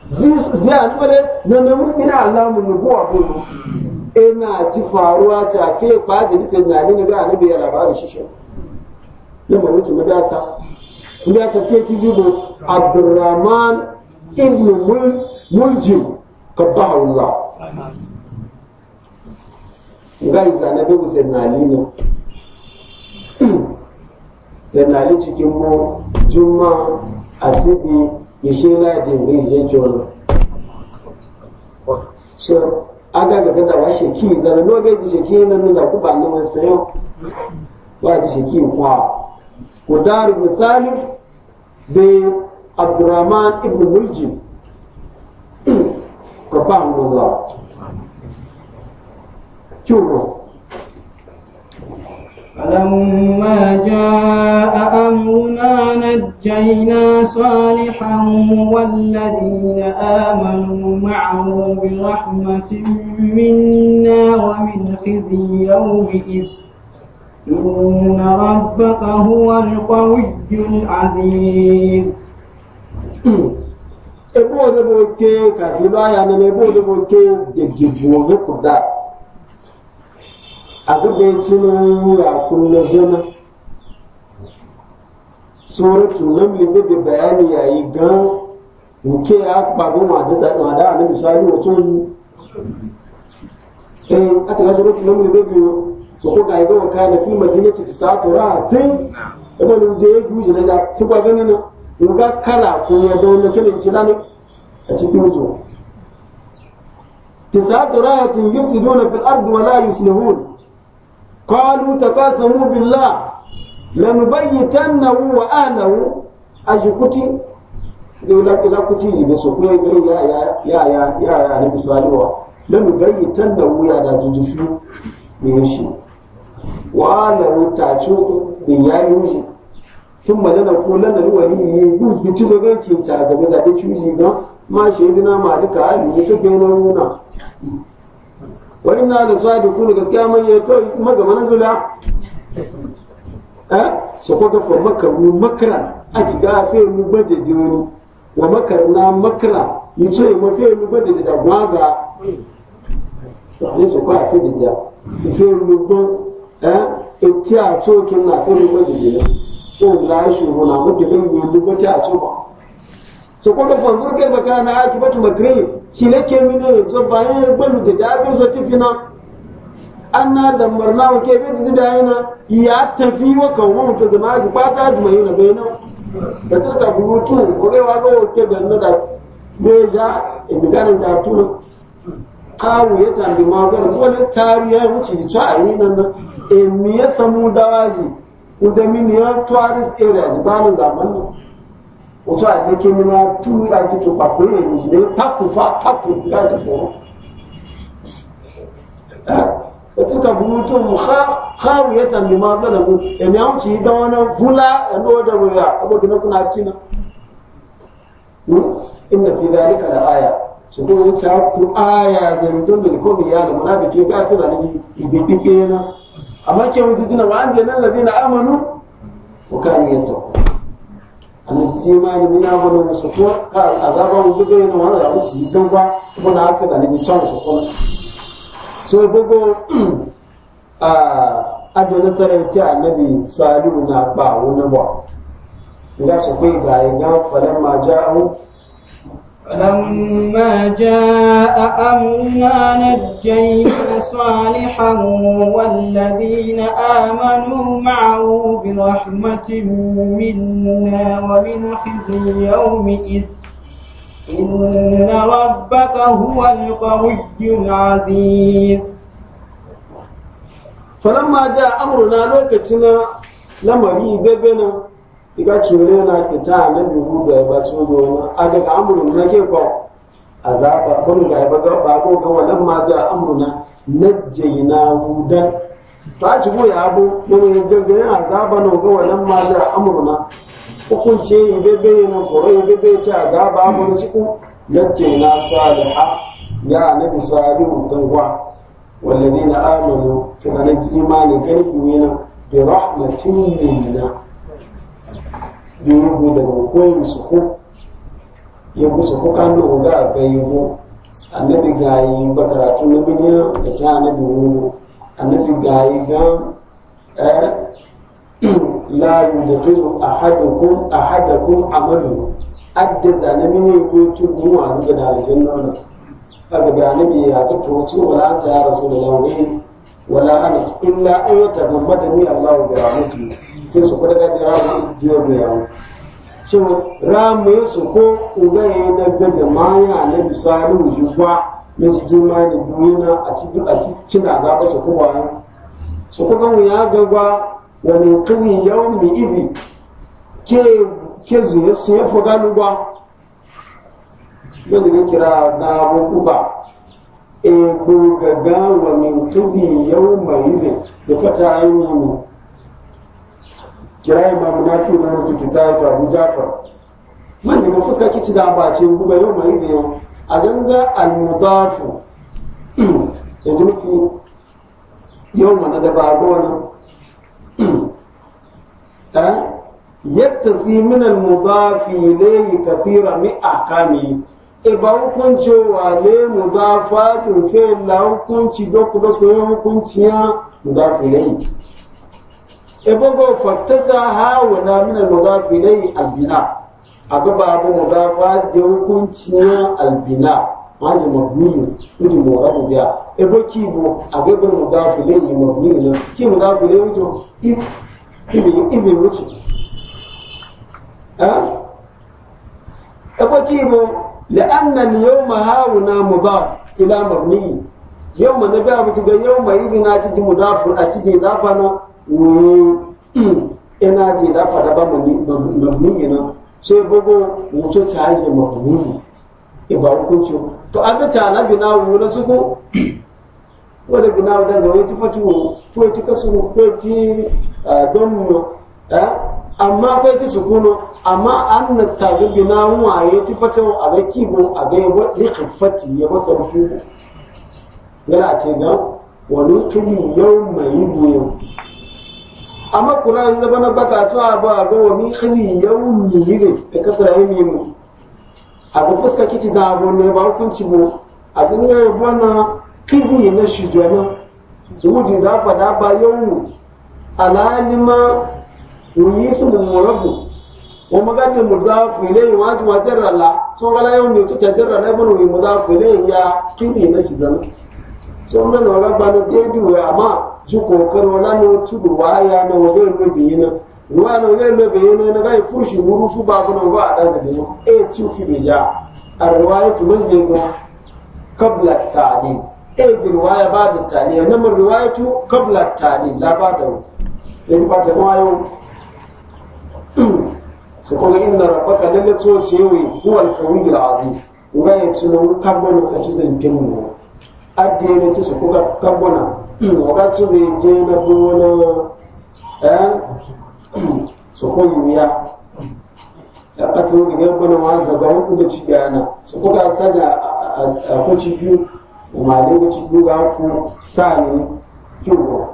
S1: zai zai anfale nan nan ina alamun nubuwa ko ina ci faruwa ta fiye kwaje ni sai na nuna ga annabi ya labarin shi shi ne mu mutu mudata mudata te ti zubo abdurrahman ibn muljim kabbahu allah ngai za na bibu sai na lino sai na cikin mu juma asibi yishela de ngai je jona so aga ga gada wa sheki zan no ga ji sheki nan nan da ku ba nan sayo wa ji sheki kwa Ku dar musalif be abdurrahman ibn muljim ko ba mu Allah kyuro
S2: فلما جاء أمرنا نجينا صالحا والذين آمنوا معه برحمة منا ومن خزي يومئذ إن ربك هو القوي العزيز ebo de bo ke ka fi lo aya
S1: ne ebo de bo ke je je bo ne ko da abin da ya ci na wura kunna zana suratu namli da da bayani yayi ga nke ya babu ma da sa ma da annabi sallallahu alaihi wasallam eh ata ga suratu namli da biyo so ko ga ga ka na fil madinati tisatu ratin ibn da ya guji na fi ba ganin na ga kala ko ya da wannan kene ce lani a cikin wuto tisatu ratin yufsiduna fil ardi wa la yuslihun qalu taqasamu billah lanubayyitannahu wa ahlahu ajikuti ila ila kuti jibe so kuya ya ya ya ya ya ya ne bisaliwa lanubayyitannahu ya da jujushu ne shi wa ahlahu tacu bin yayi shi sun ba dana ko lana ruwa ni yi gudu ci zo ganci ta gaba da ci ga ma shi shaidina ma duka ali ne ta gano nuna wani na da sa da kuna gaskiya man ya to magama na zula eh so ko ga fa makaru makra a jiga fe mu baje dinu wa makarna makra yace mu fe mu baje da gwaga to ne so ko a fe da fe mu bon eh etia to kin na fe mu baje dinu to la shi mu na mu da mu baje a to ba so ko ga ke baka na aki batu makri shi ne ke mine so bayan gbalu da dabin so tifina anna marna wa ke bi zuba yana ya tafi wa mu to zama ji ba ta zuma yana na bayana da tsaka burutu ko ga wa ga ke na da beja ja in ga ne ja kawo ya tambi ko ne tariya wuce ni ta ayi nan nan e mi ya samu dawazi udamin ya tourist areas ba na zaman nan wòtú àdéké mi náà tú àdìtò pàpọ̀ èyí ní tákù fún àtàkù láti fún wọn. ètò kàbùrù tó mú xaaru yẹ tàn bímọ abẹ́rẹ́ mu èmi àwọn tì í dánwó náà fúlá ẹni ó dẹ̀wò yà abókè náà kún náà tì náà. inna fi dhalika la aya so ko wuce ku aya zan don da ko biya da munafiki ga ku da ni ibe dike na amma ke wuce tuna wa an zanan ladina amanu wa kan anakiti imani minabona musoko kai azaba ubuge no wana ya kusi hitongwa bona afa da ni chama soko so bogo ah adona sarauti annabi salihu na ba wona ba ga so
S2: kai ga ga falamma ja'u فلما جاء أمرنا نجينا صالحا والذين آمنوا معه برحمة منا ومن خزي يومئذ إن ربك هو القوي العزيز
S1: فلما جاء أمرنا لوكتنا لما بيبنا iga cire na na biyu hudu ya ba tsoro na, a daga amurin na ke kwa a zaɓa kun ga ba ga ba ko ga wannan ma ga amurna najjayna hudan ta ci ya abu mun gangan azaba no ga wannan ma ga amurna hukunce bebe ne na foro ibe be ta azaba abu su ku najjayna salihah ya annabi salihu dan wa والذين آمنوا كنا نجي إيمان na منا ne na. yorubu daga koyin suku yabu suku kan do da uga eh, a kai yabo annabi gayi ba karatu na biniya da wu annabi wuru annabi gayi gan ɛɛ da yudatu a ahadukum amalu adda zanami ne ko tubu a bi na a ga dalilin nan kaga da annabi ya ga to ce wala ta ya rasulullahi wala ana illa ayyata gammada ni Allah bi rahmatihi sai su kwada gaji ramu jiyar da yawo so ramu ya su ko ugaye na gaja maya na bisa ruru kwa na jiji ma da duniya a cikin a cikin da zaɓa su kuma ya su kuma gamu ya gagwa wani kazi yawon mai izi ke zuwa su ya fi gano ba yadda kira na ba? e eh, ko gaga wani kazi yawon mai izi da fata ainihin kirayi ba munafi na mutu kisayi ta abu jafar man jiga fuska kici da ba ce guba yau mai da yau a ganga al-mudafu ya nufi yau mana da ba gona eh? yattasi min al-mudafi ilayhi kathira mi ahkami e ba hukunci wa le mudafatu fi la hukunci doku doku hukunci ya mudafi ilayhi ebogo fatasa ha wana mina mudaf ilayhi albina aga babu mudaf da hukunci na albina maji mabniyu kudi murabu biya ebo kibo aga bin mudaf ilayhi mabniyu na ki mudaf ilayhi wuto if ibi ibi wuto ha ebo kibo لأن اليوم هاونا مضاف إلى مبني يوم نبي أبو تبي Mm. ina ji da fada ba mamuni yana, sai gogo mutu ta haje mamuni iba hukunci to an ga ta na bina wu na suko wanda bina wu da zawai ti fatu ko ti kasu ko ti don mu eh? amma kai ti sukuno amma an na sabi yi waye ti fatu a ga kibo a ga yi yawa likafati ya masa rufu yana ce ga wani kini yau mai yi amma kuran zaba na baka to ba ga wani khali yawun yi ne da kasar yayi mu abu fuska kici da abu ne ba hukunci mu abin ne bana kizi na shi jona wuji da fada ba yawu alalima wuyi su mu murabu wa magana mu da fu ile waji wajen ralla so gala yau ne tuta jarra na bunu mu da fu ile ya kizi na shi jona so mun ga ba na tedu amma ji kokoro na no tubu waya na wo be lo bi na ruwa na wo lo bi na na bai fushi wuru fu ba ko ba da zai no e ci fi bi ja arwayatu mazlin go qabla tani e ji ruwaya ba da tani na mu ruwayatu qabla ta'lim la ba da ne ba ta wayo su kuma inna rabbaka lalle to ce yi huwa al da al-aziz ya ci na kan bana a ci zan kin mu adde ne ci su kuka kan wakati zai je na bi wani su kun wuya ya wani na wasa ba wani da ci gana su kuka sada a kwaci
S2: biyu umarni da ci biyu ga ku sa ne kyau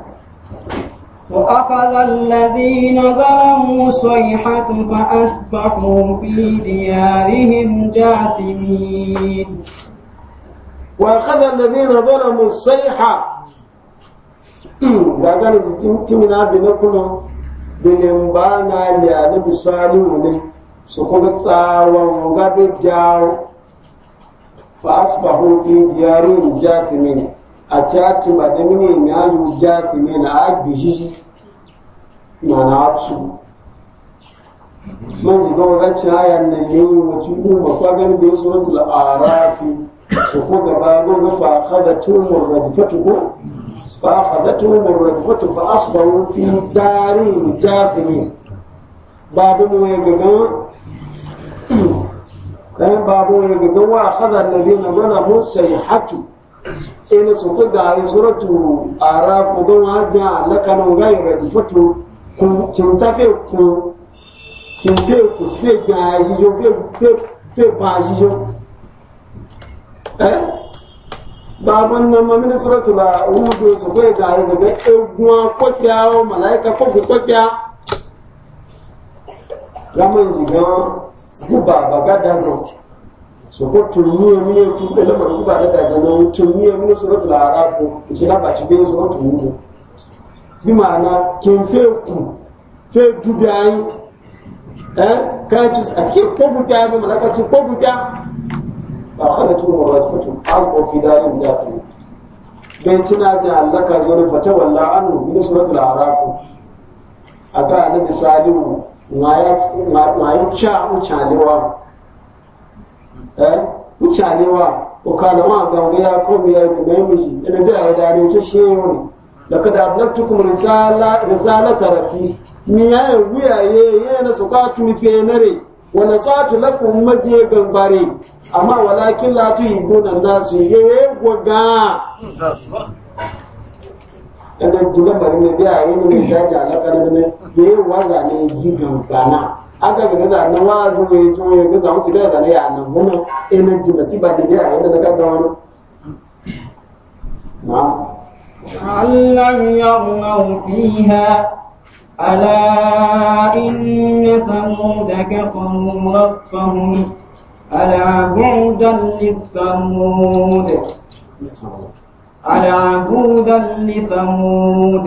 S2: وأخذ الذين ظلموا صيحة فأصبحوا في ديارهم جاثمين وأخذ الذين ظلموا الصيحة zagana
S1: jikin timina be na kuna binin na ya na bisani mu su kuma tsawon gabe jawo fa asbahu fi diyarin jasimin a cati ba da mini a jasimin a na na su man jiga ne cikin makwagan ya wata arafi su kuma فأخذتهم الرجفة فأصبحوا في دارهم جاثمين بعضهم يقولون ɗayan babu wani gaga wa haza na zai na mana mun sai hatu ina su ta gaya suratu a rafu don hajji a lakanan gaya rajifatu kin safe ku kin fe ku fe gaya shi jo fe ba shi jo eh baban nan ma mini suratu la wudu su kai ga yi daga egwa kwakya wa malaika kwakwa kwakya ya man jiga guba ba ga da zan so ko tunniye miye tun ɗaya lamar guba da da zan tunniye mini suratu la arafu ki la ba ci bin suratu wudu bi ma'ana kin fe ku fe dubi ayi eh ka ci a cikin kwakwa ya ba malaika ci kwakwa فأخذتهم الرجفة أصبحوا في دارهم داخلين بيتنا تعلق زول فتولى عنه من سورة الأعراف أكا النبي صالح ما يتشاء وشالوا eh wucanewa ukana ma ga ya ko biya ki mai miji ina da ya dare to shehu ne laqad ablagtukum risala risalata rabbi mi ya wuya ye ye na suka tuni fe nare wa nasatu lakum maje gambare amma walakin la tuhibuna nasu
S2: ye goga
S1: ɗan jiga bari ne biya yi ne jaji alaƙar ne ye waza ne jigan bana aka ga gaza na wazi mai to ya gaza mutu da zane ya nan gona ina ji nasiba da biya yi da daga wani
S2: na allam yarnahu fiha ala inna daga kafaru rabbahum ألا بعدا للثمود ألا بعدا لثمود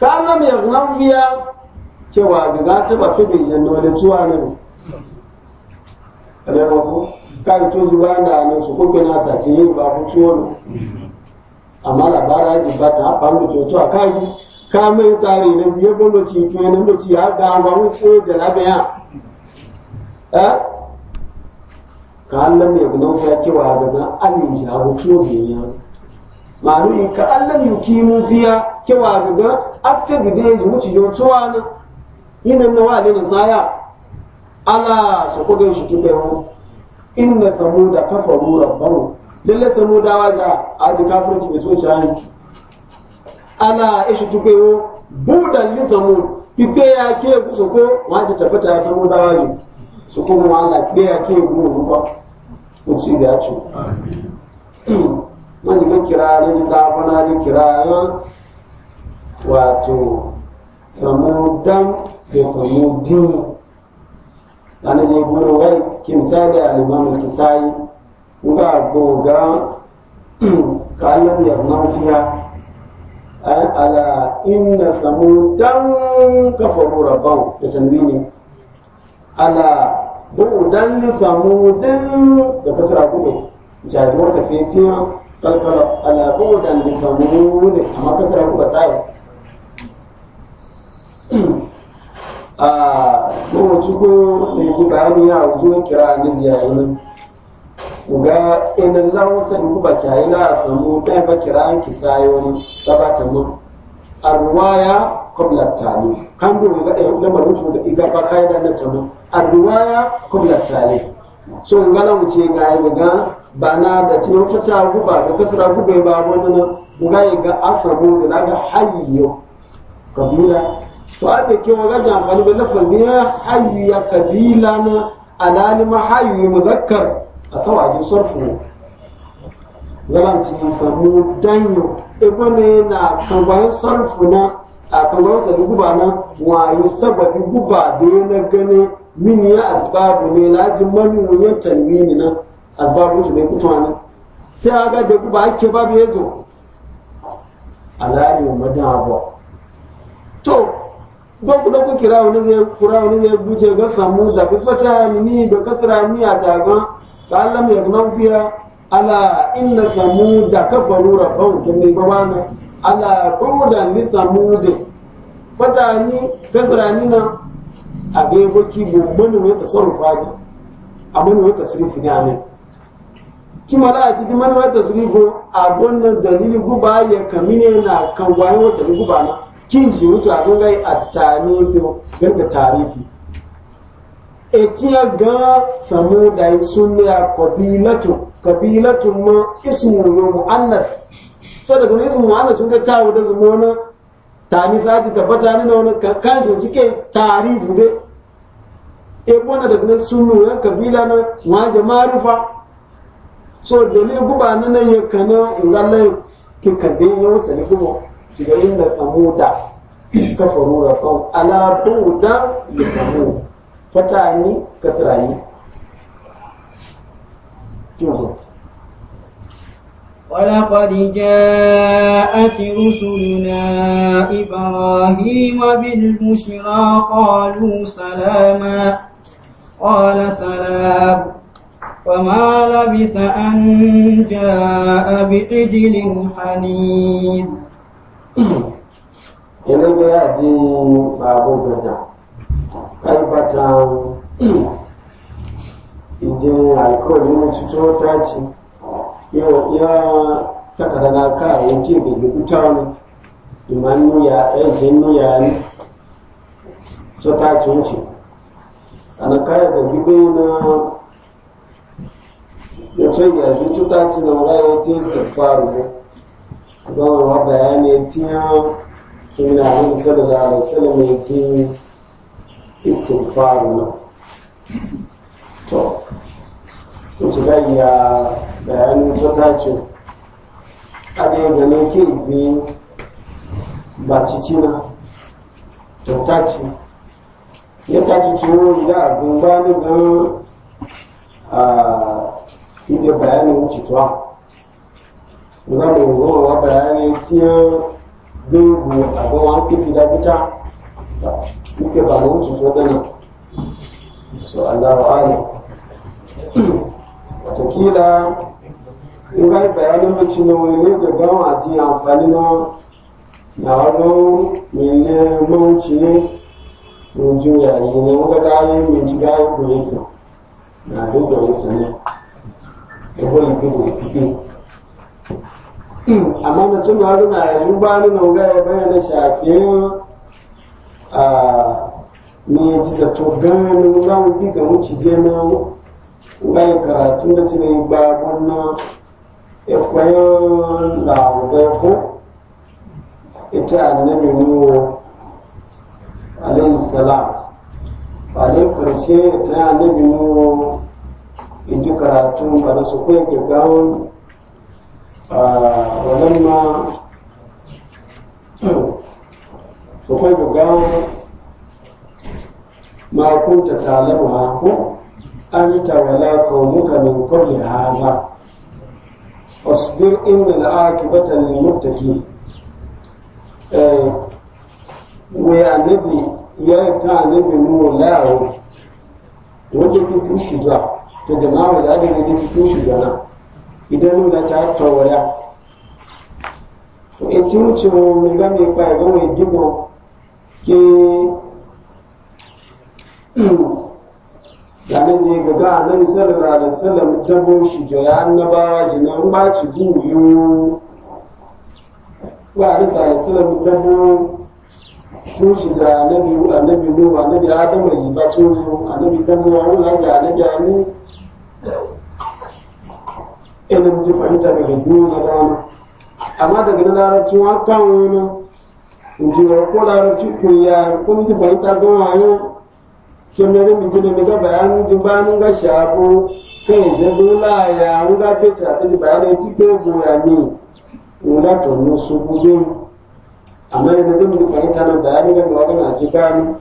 S1: كان لم يغنم فيها cewa da za ta bafi bai jan wani tuwa ne ne ko kan to zuwa da su na sake yin ba ku tuwo ne amma labara ji ba ta fa mu to kai ka mai na ne yebo lo ci to ya ga wa mu ko da labiya eh ka'allam ya gudun fiya kewa ga gan alin shago ciwo biya ma'anu yi ka ka'allam yi kimun fiya kewa ga gan afe gude ya wuce yau cewa na yi nan na wale na saya ala su kudin shi tun bai hau inda samu da kafa rura baro lalle samu da za a ji kafirci mai tsoci hannun ala ishi tun bai hau budan li samu ipe ya ke gusa ko wa tafata tabbata ya samu da ne su kuma ala ke ya ke gusa ko musu eh, da ci kira ne ji da bana kira wato samudan da samudin ana je gurin wai kimsali al-imam al-kisai uga goga kallam yarna fiha ala inna samudan kafaru rabbahu da tanwini ala don dan ni samu dan da kasara kuma jajuwar ka fetiya kalkala ala ko dan ni samu ne amma kasara kuma tsaya a kuma ciko ne ki bayani ya wuce kira ni ziyarin ga ina Allah wasa ku ba tayi na samu dai ba kira ki sayo ba ba ta mun arwaya qabla tani kan do ga da lamarin da iga ba kai da na ta mun arruwaya kubla tare so ngala mu ce ga yi ga ba na da cikin fata guba da kasra guba ba wani na buga yi ga afrabu da na ga hayyo kabila to a da kewa ga jamfani da lafazi ya hayyo ya kabila na alalima hayyo muzakkar a sawajin sarfu galanci famu danyo ebo ne na kagbayin sarfu na a kagbayin sa guba na wayi sababi guba da na gani min ya asbabu ne na ji manu wuyan ne na asbabu su mai kutuwa ne sai aga ku ba ake babu ya zo alali wa madaba to ba ku da ku kira wani zai kura wani zai buce ga samu da fifata fata ni da kasra ni a tagan Ka Allah ya gnan fiya ala inna samu da kafaru rafau kin ne ba bana ala da ni samu da fata ni kasra ni na a ga yabo kibo mani wai tasarrufa ne a mani wai tasrifi ne a nan kima da a cikin mani wai tasrifo a wannan dalili guba ya kamine na kan wayan wasa guba na kin ji wuce a kan gai a tarifi garga tarifi etiya ga samu da yi samuda sunna kabilatu kabilatu ma ismu yo muannas so daga ne ismu muannas sun ga tawo da na tani za ta tabbata ne na wani kanjin cike tarifu dai e bona da na sunu ya kabila na waje marufa so dole guba na na ya kana ngalla ki kabe ya wasa ne guba daga inda samuda kafaru raqam ala buda li samu fatani kasrani kiwo
S2: ولقد جاءت رسلنا إبراهيم بالبشرى قالوا سلاما قال سلام فما لبث أن جاء بعجل حنيد
S1: إنه يأتي بابو بدا أربعة ìdín alkohol nínú tuntun ó tààtì yóò takàdá na káàrin tí ìgbègbè kúta ọ̀nà ìmọ̀ ana kaya da gibe na ya tsaye ya shi cuta ci na wura ya ce su faru ne ga wani bayani ya tiya kimina abin sallallahu alaihi wasallam ya ce istighfar na to ko ci ga ya bayanin cuta ci a da yadda ne ke bi ba ci ci na cuta ci yadda ci ciwo ila abin bani don a ide bayanin wucituwa na mai gowa bayanin tiyan gungu abin wa kifi da muke ba na wucituwa gani so allah wa ali watakila in ga bayanin mace na wani ga gawa ji amfani na na wani mai ne mawuci ne ojú àyè ni wọ́n kọ́kọ́ ayé na gáyé kò lè sàn àbí kò lè sàn náà ẹgbẹ́ ìgbé kò lè gbé. àmọ́ ní tó máa rúnà ẹ̀rú bá nínú ọ̀gá ẹgbẹ́ yẹn lè ṣàfihàn ní títẹ̀ tó gan-an ní gba wọn náà alayhi salam ba dai karshe ta annabi nuhu in ji karatu ba da su kuwa ke gawon wannan ma su kuwa ke gawon ma kunta talabu ha ko an tawala kaumuka min kulli hada wasbir inna al-akibata lil muttaqin wai eh, we annabi ya ta annabi o. lawo wanda ke kushi da to jama'a da da ke kushi da na idan da ta to e ti wuce mu mi ga mi pa ga gibo ke da ne ne ga ga annabi sallallahu alaihi wasallam shi ya annabawa jinan ba ci duyu wa alaihi wasallam tabo tun shiga annabi annabi nuhu annabi adamu ji ba tun annabi damu ya wula ji annabi ani ilimin ji fahimta daga duniya na dama amma daga na larabci wa kan wani inji wa ko larabci ko ya kun ji fahimta don wayo kemere mi jini mi ga bayanu ji ba ga shabu kai je dula ya wula pece a ta ji bayanu ke goya ni wula to nusu gudun amma idan zai mutu fahimta nan bayani da magana a cikin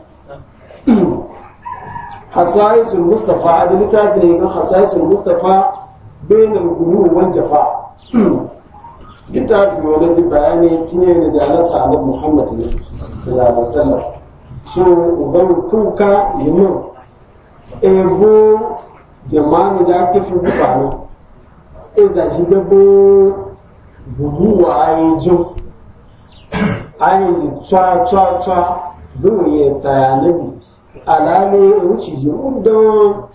S1: hasaisul mustafa a da littafi ne kan hasaisul mustafa bayan al-guru wal jafa littafi wani ji bayani tinye da jalata na muhammad ne sallallahu alaihi wasallam so uban kuka liman ebo jama'a ja kifin kuka ne izaji dabo guguwa ayi jin ayin tsa tsa tsa bin ya tsaya nabi alali wuce ji udan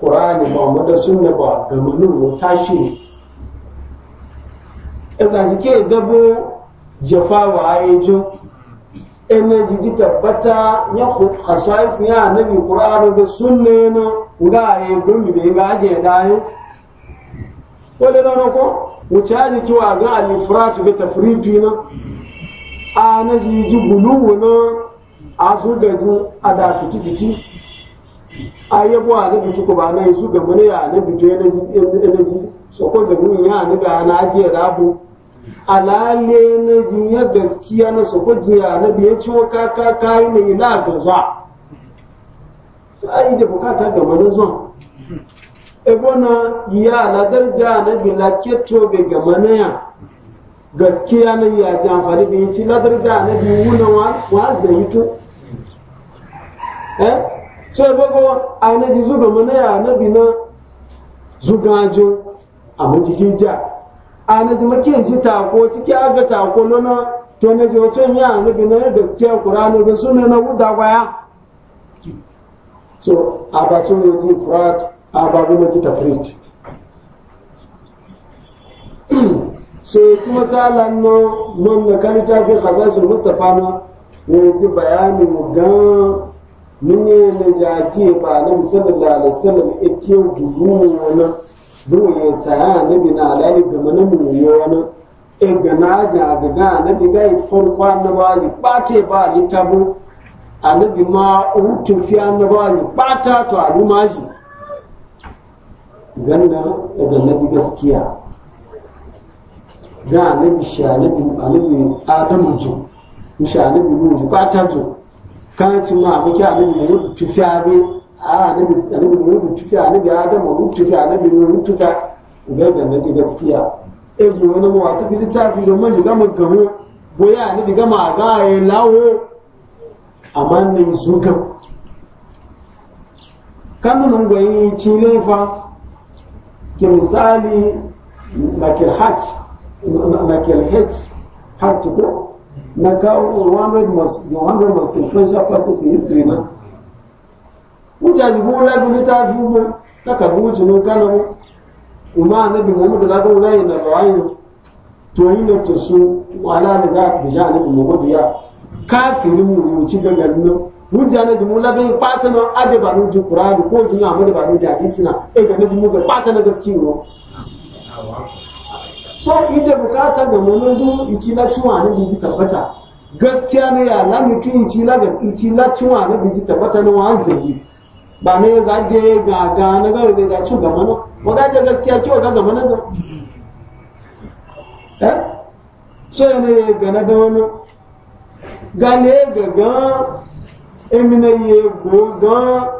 S1: qur'ani ba mu da sunna ba ga manu tashi ezan jike dabo jafawa ayejo ene jiji tabbata ya khasais ya nabi qur'ani da sunna na ga ye gumi be ga je dayo ko da ko wuce ji tuwa ga al-ifrat bi na? a na shi ji guluwu na a su gaji a da fiti-fiti a yabo a na bitu ko ba na yi su ga mani a na bitu yana ji so ko ga mun ya ni ga na ajiye abu. alale na ji ya gaskiya na so ko jiya na biye ciwo ka ka kai na yi na ga zuwa ai da bukata ga mani zuwa ebona ya na darja na bilaketo be ga mani ya gaskiya na ya ji amfani bin ci ladar da na biyu wuna wa zai to eh so ya bago a na ji zuga mana ya na bi na zuga jo a mu cikin ja a na ji make ji tako ciki aga tako nona to na ji wacce ya na bi na gaskiya qur'ani da sunna na wuda baya so a ba ji furat frat a ji tafrit so ya ci masala na nan na kan tafi hasasul mustapha na ne ji bayani mu ga mun yi ja jaji ba na sallallahu alaihi wasallam ita dubu mu wani duk ya tsaya na bina alayi ga mana mu yi wani e ga na ga ga na bi ga farko na ba ce ba ni tabo annabi ma rutu fi na ba ta to alumaji ganna da jannati gaskiya ga anabi shi anabi anabi adamu jo shi anabi nuhu jo kwata jo kan ci ma abin ki anabi nuhu tufi abi a anabi anabi nuhu tufi anabi adamu nuhu tufi anabi nuhu tufi ga ga nan gaskiya e go wani mu wata bi ta fi da maji gama gamo boya anabi gama ga ya lawo amma ne su ga kanu nan goyi ci ne fa ke misali makir hajj na kel h heart ko na kawo 100 most 100 most influential persons in history na wuta ji bu labi ta dubo ta ka bu ci kana mu kuma annabi muhammadu la dawo layin na bawayi to yi na to su wala za ku ja mu muhammadu ya kafirin mu yi ci gaga nan wuta na ji mu labi pata na ade ba nu ji qur'ani ko ji amma da ba nu da hadisi na e ga na ji mu ga pata na gaskiya so inda bukatar da mu zuwa ici na ciwa na biji tabbata gaskiya ne ya na mutu ici na gaskiya ici la ciwa na biji tabbata na wanzai ba ne zage ga ga na ga da da cu gaba na ba ga gaskiya ki ga gaba na zo eh so ne ga na da wani ga ne ga ga emina ye go ga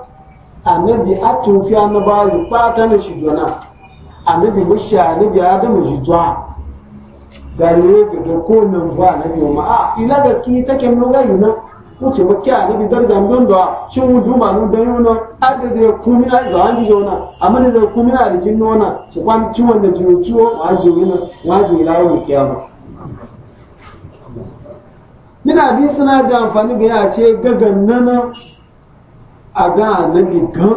S1: annabi atufi annabawa ba ta na shi jona anabi mushi anabi adamu jijwa gariwe gaga ko nan ba anabi ma a ila gaskiya take mun rayu na wuce mu kya anabi darja mun da shin wudu ma nun dan yona ada zai kumi a zaman ji yona amma da zai kumi a rikin nona ci kwan ciwon da jiyo ciwo wa jiyo na wa jiyo ila yau kiyama Nina hadisi na ji amfani ga ya ce gagan nana a ga anabi gan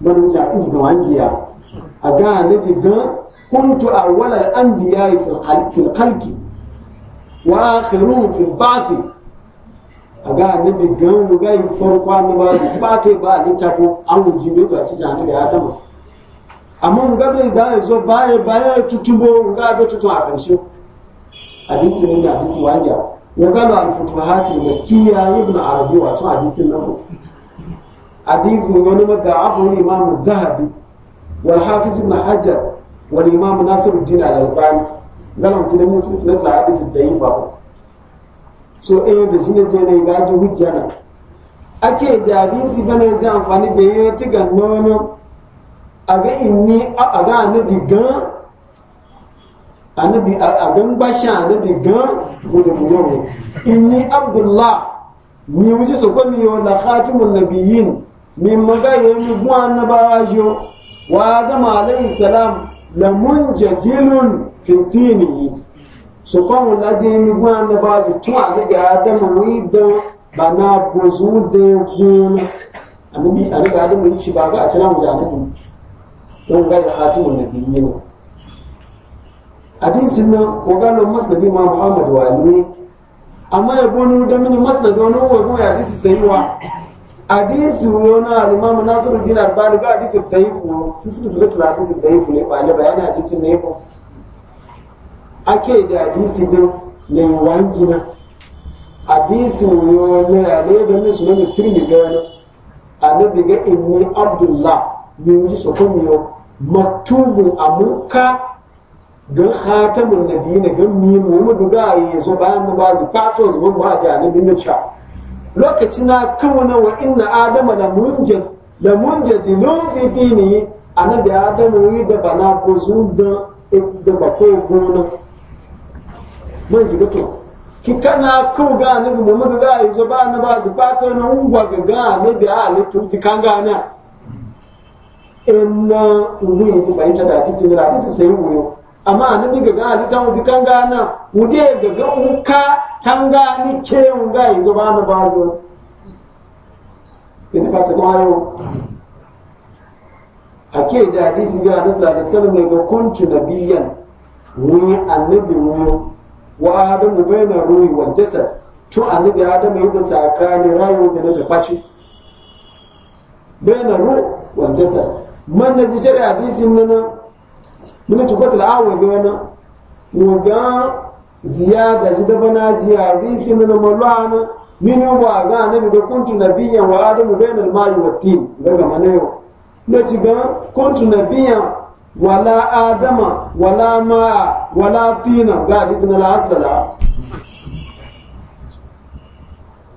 S1: ban wuce a ga wangiya a ga annabi gan kuntu awwalal an fil filkalki wa akhiru fil bafi a ga annabi gan mu ga farko annabi ba ta ba ni ta ko an ji ne ga cikin annabi adam amma mu ga bai zai zo baya baya tutubo mu ga ga tutu a karshe hadisi ne da hadisi wanja wa qala al futuhat al makkiyya ibn arabi wa to hadisin nan hadisi ne wani madda afu imam zahabi والحافظ ابن حجر والإمام ناصر الدين الألباني قالوا تلك من سلسلة الحديث الضعيفة so eh da shine je ne gaji hujjana ake da hadisi bane ji amfani da yayin tiga nono a ga inni a ga annabi gan annabi a gan basha annabi gan gudu gudu inni abdullah ni wuji so ko mi la khatimun nabiyyin min magaye mi bu annabawa jo wa adama alayhi salam la munjadilun fi dinihi so kɔmu ladi mi gbɔn na ba di tún a ga adama wi dan bana bozu dan gun ani bi ani ga adama yi ci ba ga a tana mu jani mu don ga ya hati mu nabi yi mu hadisi na ko ga no masnabi ma muhammad wa ali amma ya bonu da mini masnabi wani wa ya hadisi wa? hadisi wani alimamu nasiru dina albani ga hadisi da yi funo su su su hadisi da yi ba ne bayani hadisi ne ba ake da hadisi ne ne wangina hadisi wani ale da su ne mutum ne ga wani annabi ga inni abdullah mi wuji su kuma yau matubu amuka ga nabi na ga mi wani mu yi yeso bayan da ba zu fatos zuwa ba ga annabi na cha lokaci na kawana wa inna adama da munjin da munjin dilun fi dini da adama yi da bana ko sun da da ba ko gona mun ji gato ki kana ku ga mu muhammad ga yi zo ba na ba ji fata na ungwa ga ga annabi a ne tu ti kan ga na inna ubu yi fa ita da kisi da kisi sai wuyo amma annabi ga ga ali ta mu ti kan ga na mu de ga ga uka Kanga ni keyon ga izo ba na ba zo ita fata kuma yau a ke da hadisi ga da da sanin mai ga kuntu da biyan ni annabi mu wa adamu bai na ruhi wa jasad to annabi adamu yi da tsakanin rayu da na tafaci bai na ruhi wa jasad man na ji shari'a hadisin nan mini tukwatul awon ga na mu ga ziyada ji da bana ji a risi na malwana minu ba ga na da kuntu nabiyya wa adamu bainal ma'i wa tin daga manayo na ci ga kuntu nabiyya wala adama wala ma'a wala tina ga hadisi na la'asdala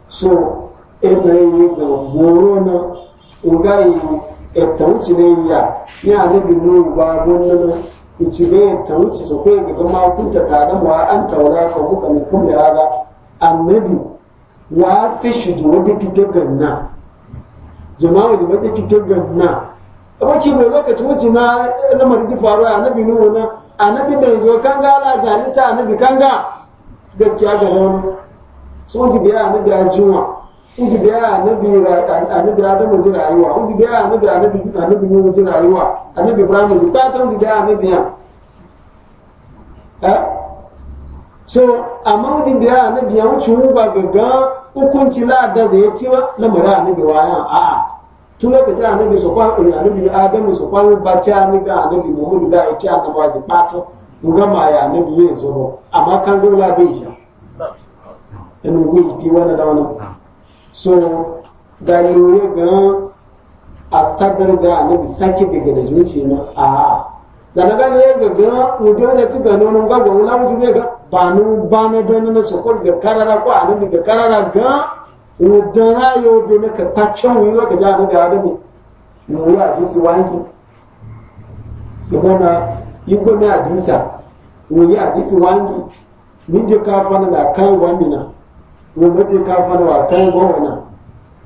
S1: so ina yi ga moro na ugayi etta wuce ne ya ni a nabi ba gonnana ichibe ta wuce su ko daga ma kunta tare mu an taura ka kuka ne kun da raga annabi wa fi shi da wata kike ganna jama'a da wata kike ganna lokaci wuce na lamarin annabi nuhu na annabi da yanzu kan ga ala jalita annabi kan ga gaskiya ga nan sun ji biya annabi uji biya anabi ra adamu ji rayuwa uji biya anabi anabi nuhu ji rayuwa anabi ibrahim ji batan uji biya anabi ya eh? so amma uji biya anabi ya wuce wuba gaga hukunci la da zai ci lamara anabi waya a tun lokacin anabi su kwan ɗin eh, anabi adamu su kwan bacci anabi anabi muhammadu ga ita anabi ji batan mu gama ya anabi yin zoro amma kan dole bai sha. Ɗan wuri bi wani da wani. so da yiwuwa gan a sadar da anabi sake daga da zuci na a zanaga ne ya ci ga ga ba ba na gani na sokol ga karara ko anabi ga karara ga udara bi na ka tacen wuyi wa ka ja anabi adamu na wuyi a jisi wangi ibona igbo na adisa wangi min je na da kan gobe ka fana wa kan gona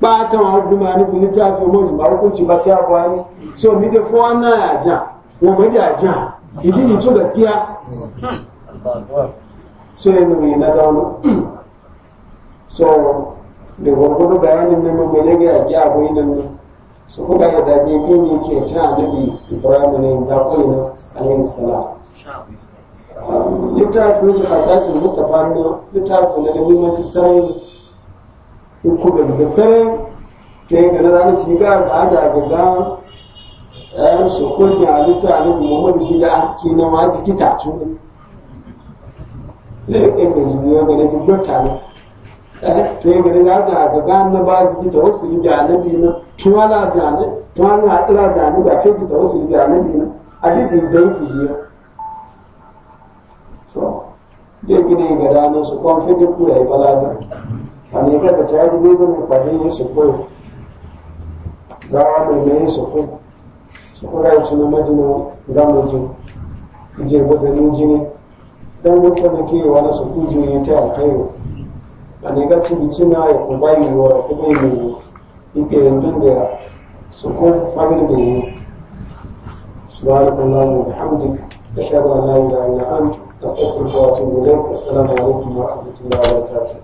S1: bata wa duma ni kun ta fi mo ba ku ci ba ta ba ni so mi da fo na ya ja wo mu da ja idin ni to gaskiya so ne mu na da mu so da gurgudu bayanin ne mu bane ga ya ga boyi nan ne so ko ga da je bi ni ke ta da ni Ibrahim ne da ko ne alayhi salam littafin shi hasashin mustapha ne littafin na muhimmanci sarai ko ga daga sarai ta yi gana zane ci ga da aja gaga yan sokokin halitta ne kuma ki da aski na ma ji ti tacu ne ne ya ga zuwa ga na ji gwata ne eh, to yi gana ya ja gaga na ba ji ti ta wasu ribi a nabi na tuwala jani tuwala haɗira jani ga fi ji ta wasu ribi a nabi na hadisi don fujiya dai gine ga dana su kwan fitin ku ya yi balaga a ne ka ka caji dai da mai kwanin yi su kai gawa mai mai yi su kai su rai su na majina gama ji je gudanin jini don wuta na ke wani su kuji ne ta alkaiwa a ne ka ci bici na ya kuma yi wa kuma yi mai ike yanzu da ya su kun fagin da yi سبحانك اللهم da أشهد أن لا إله da أنت استغفرك واتوب اليك السلام عليكم ورحمه الله وبركاته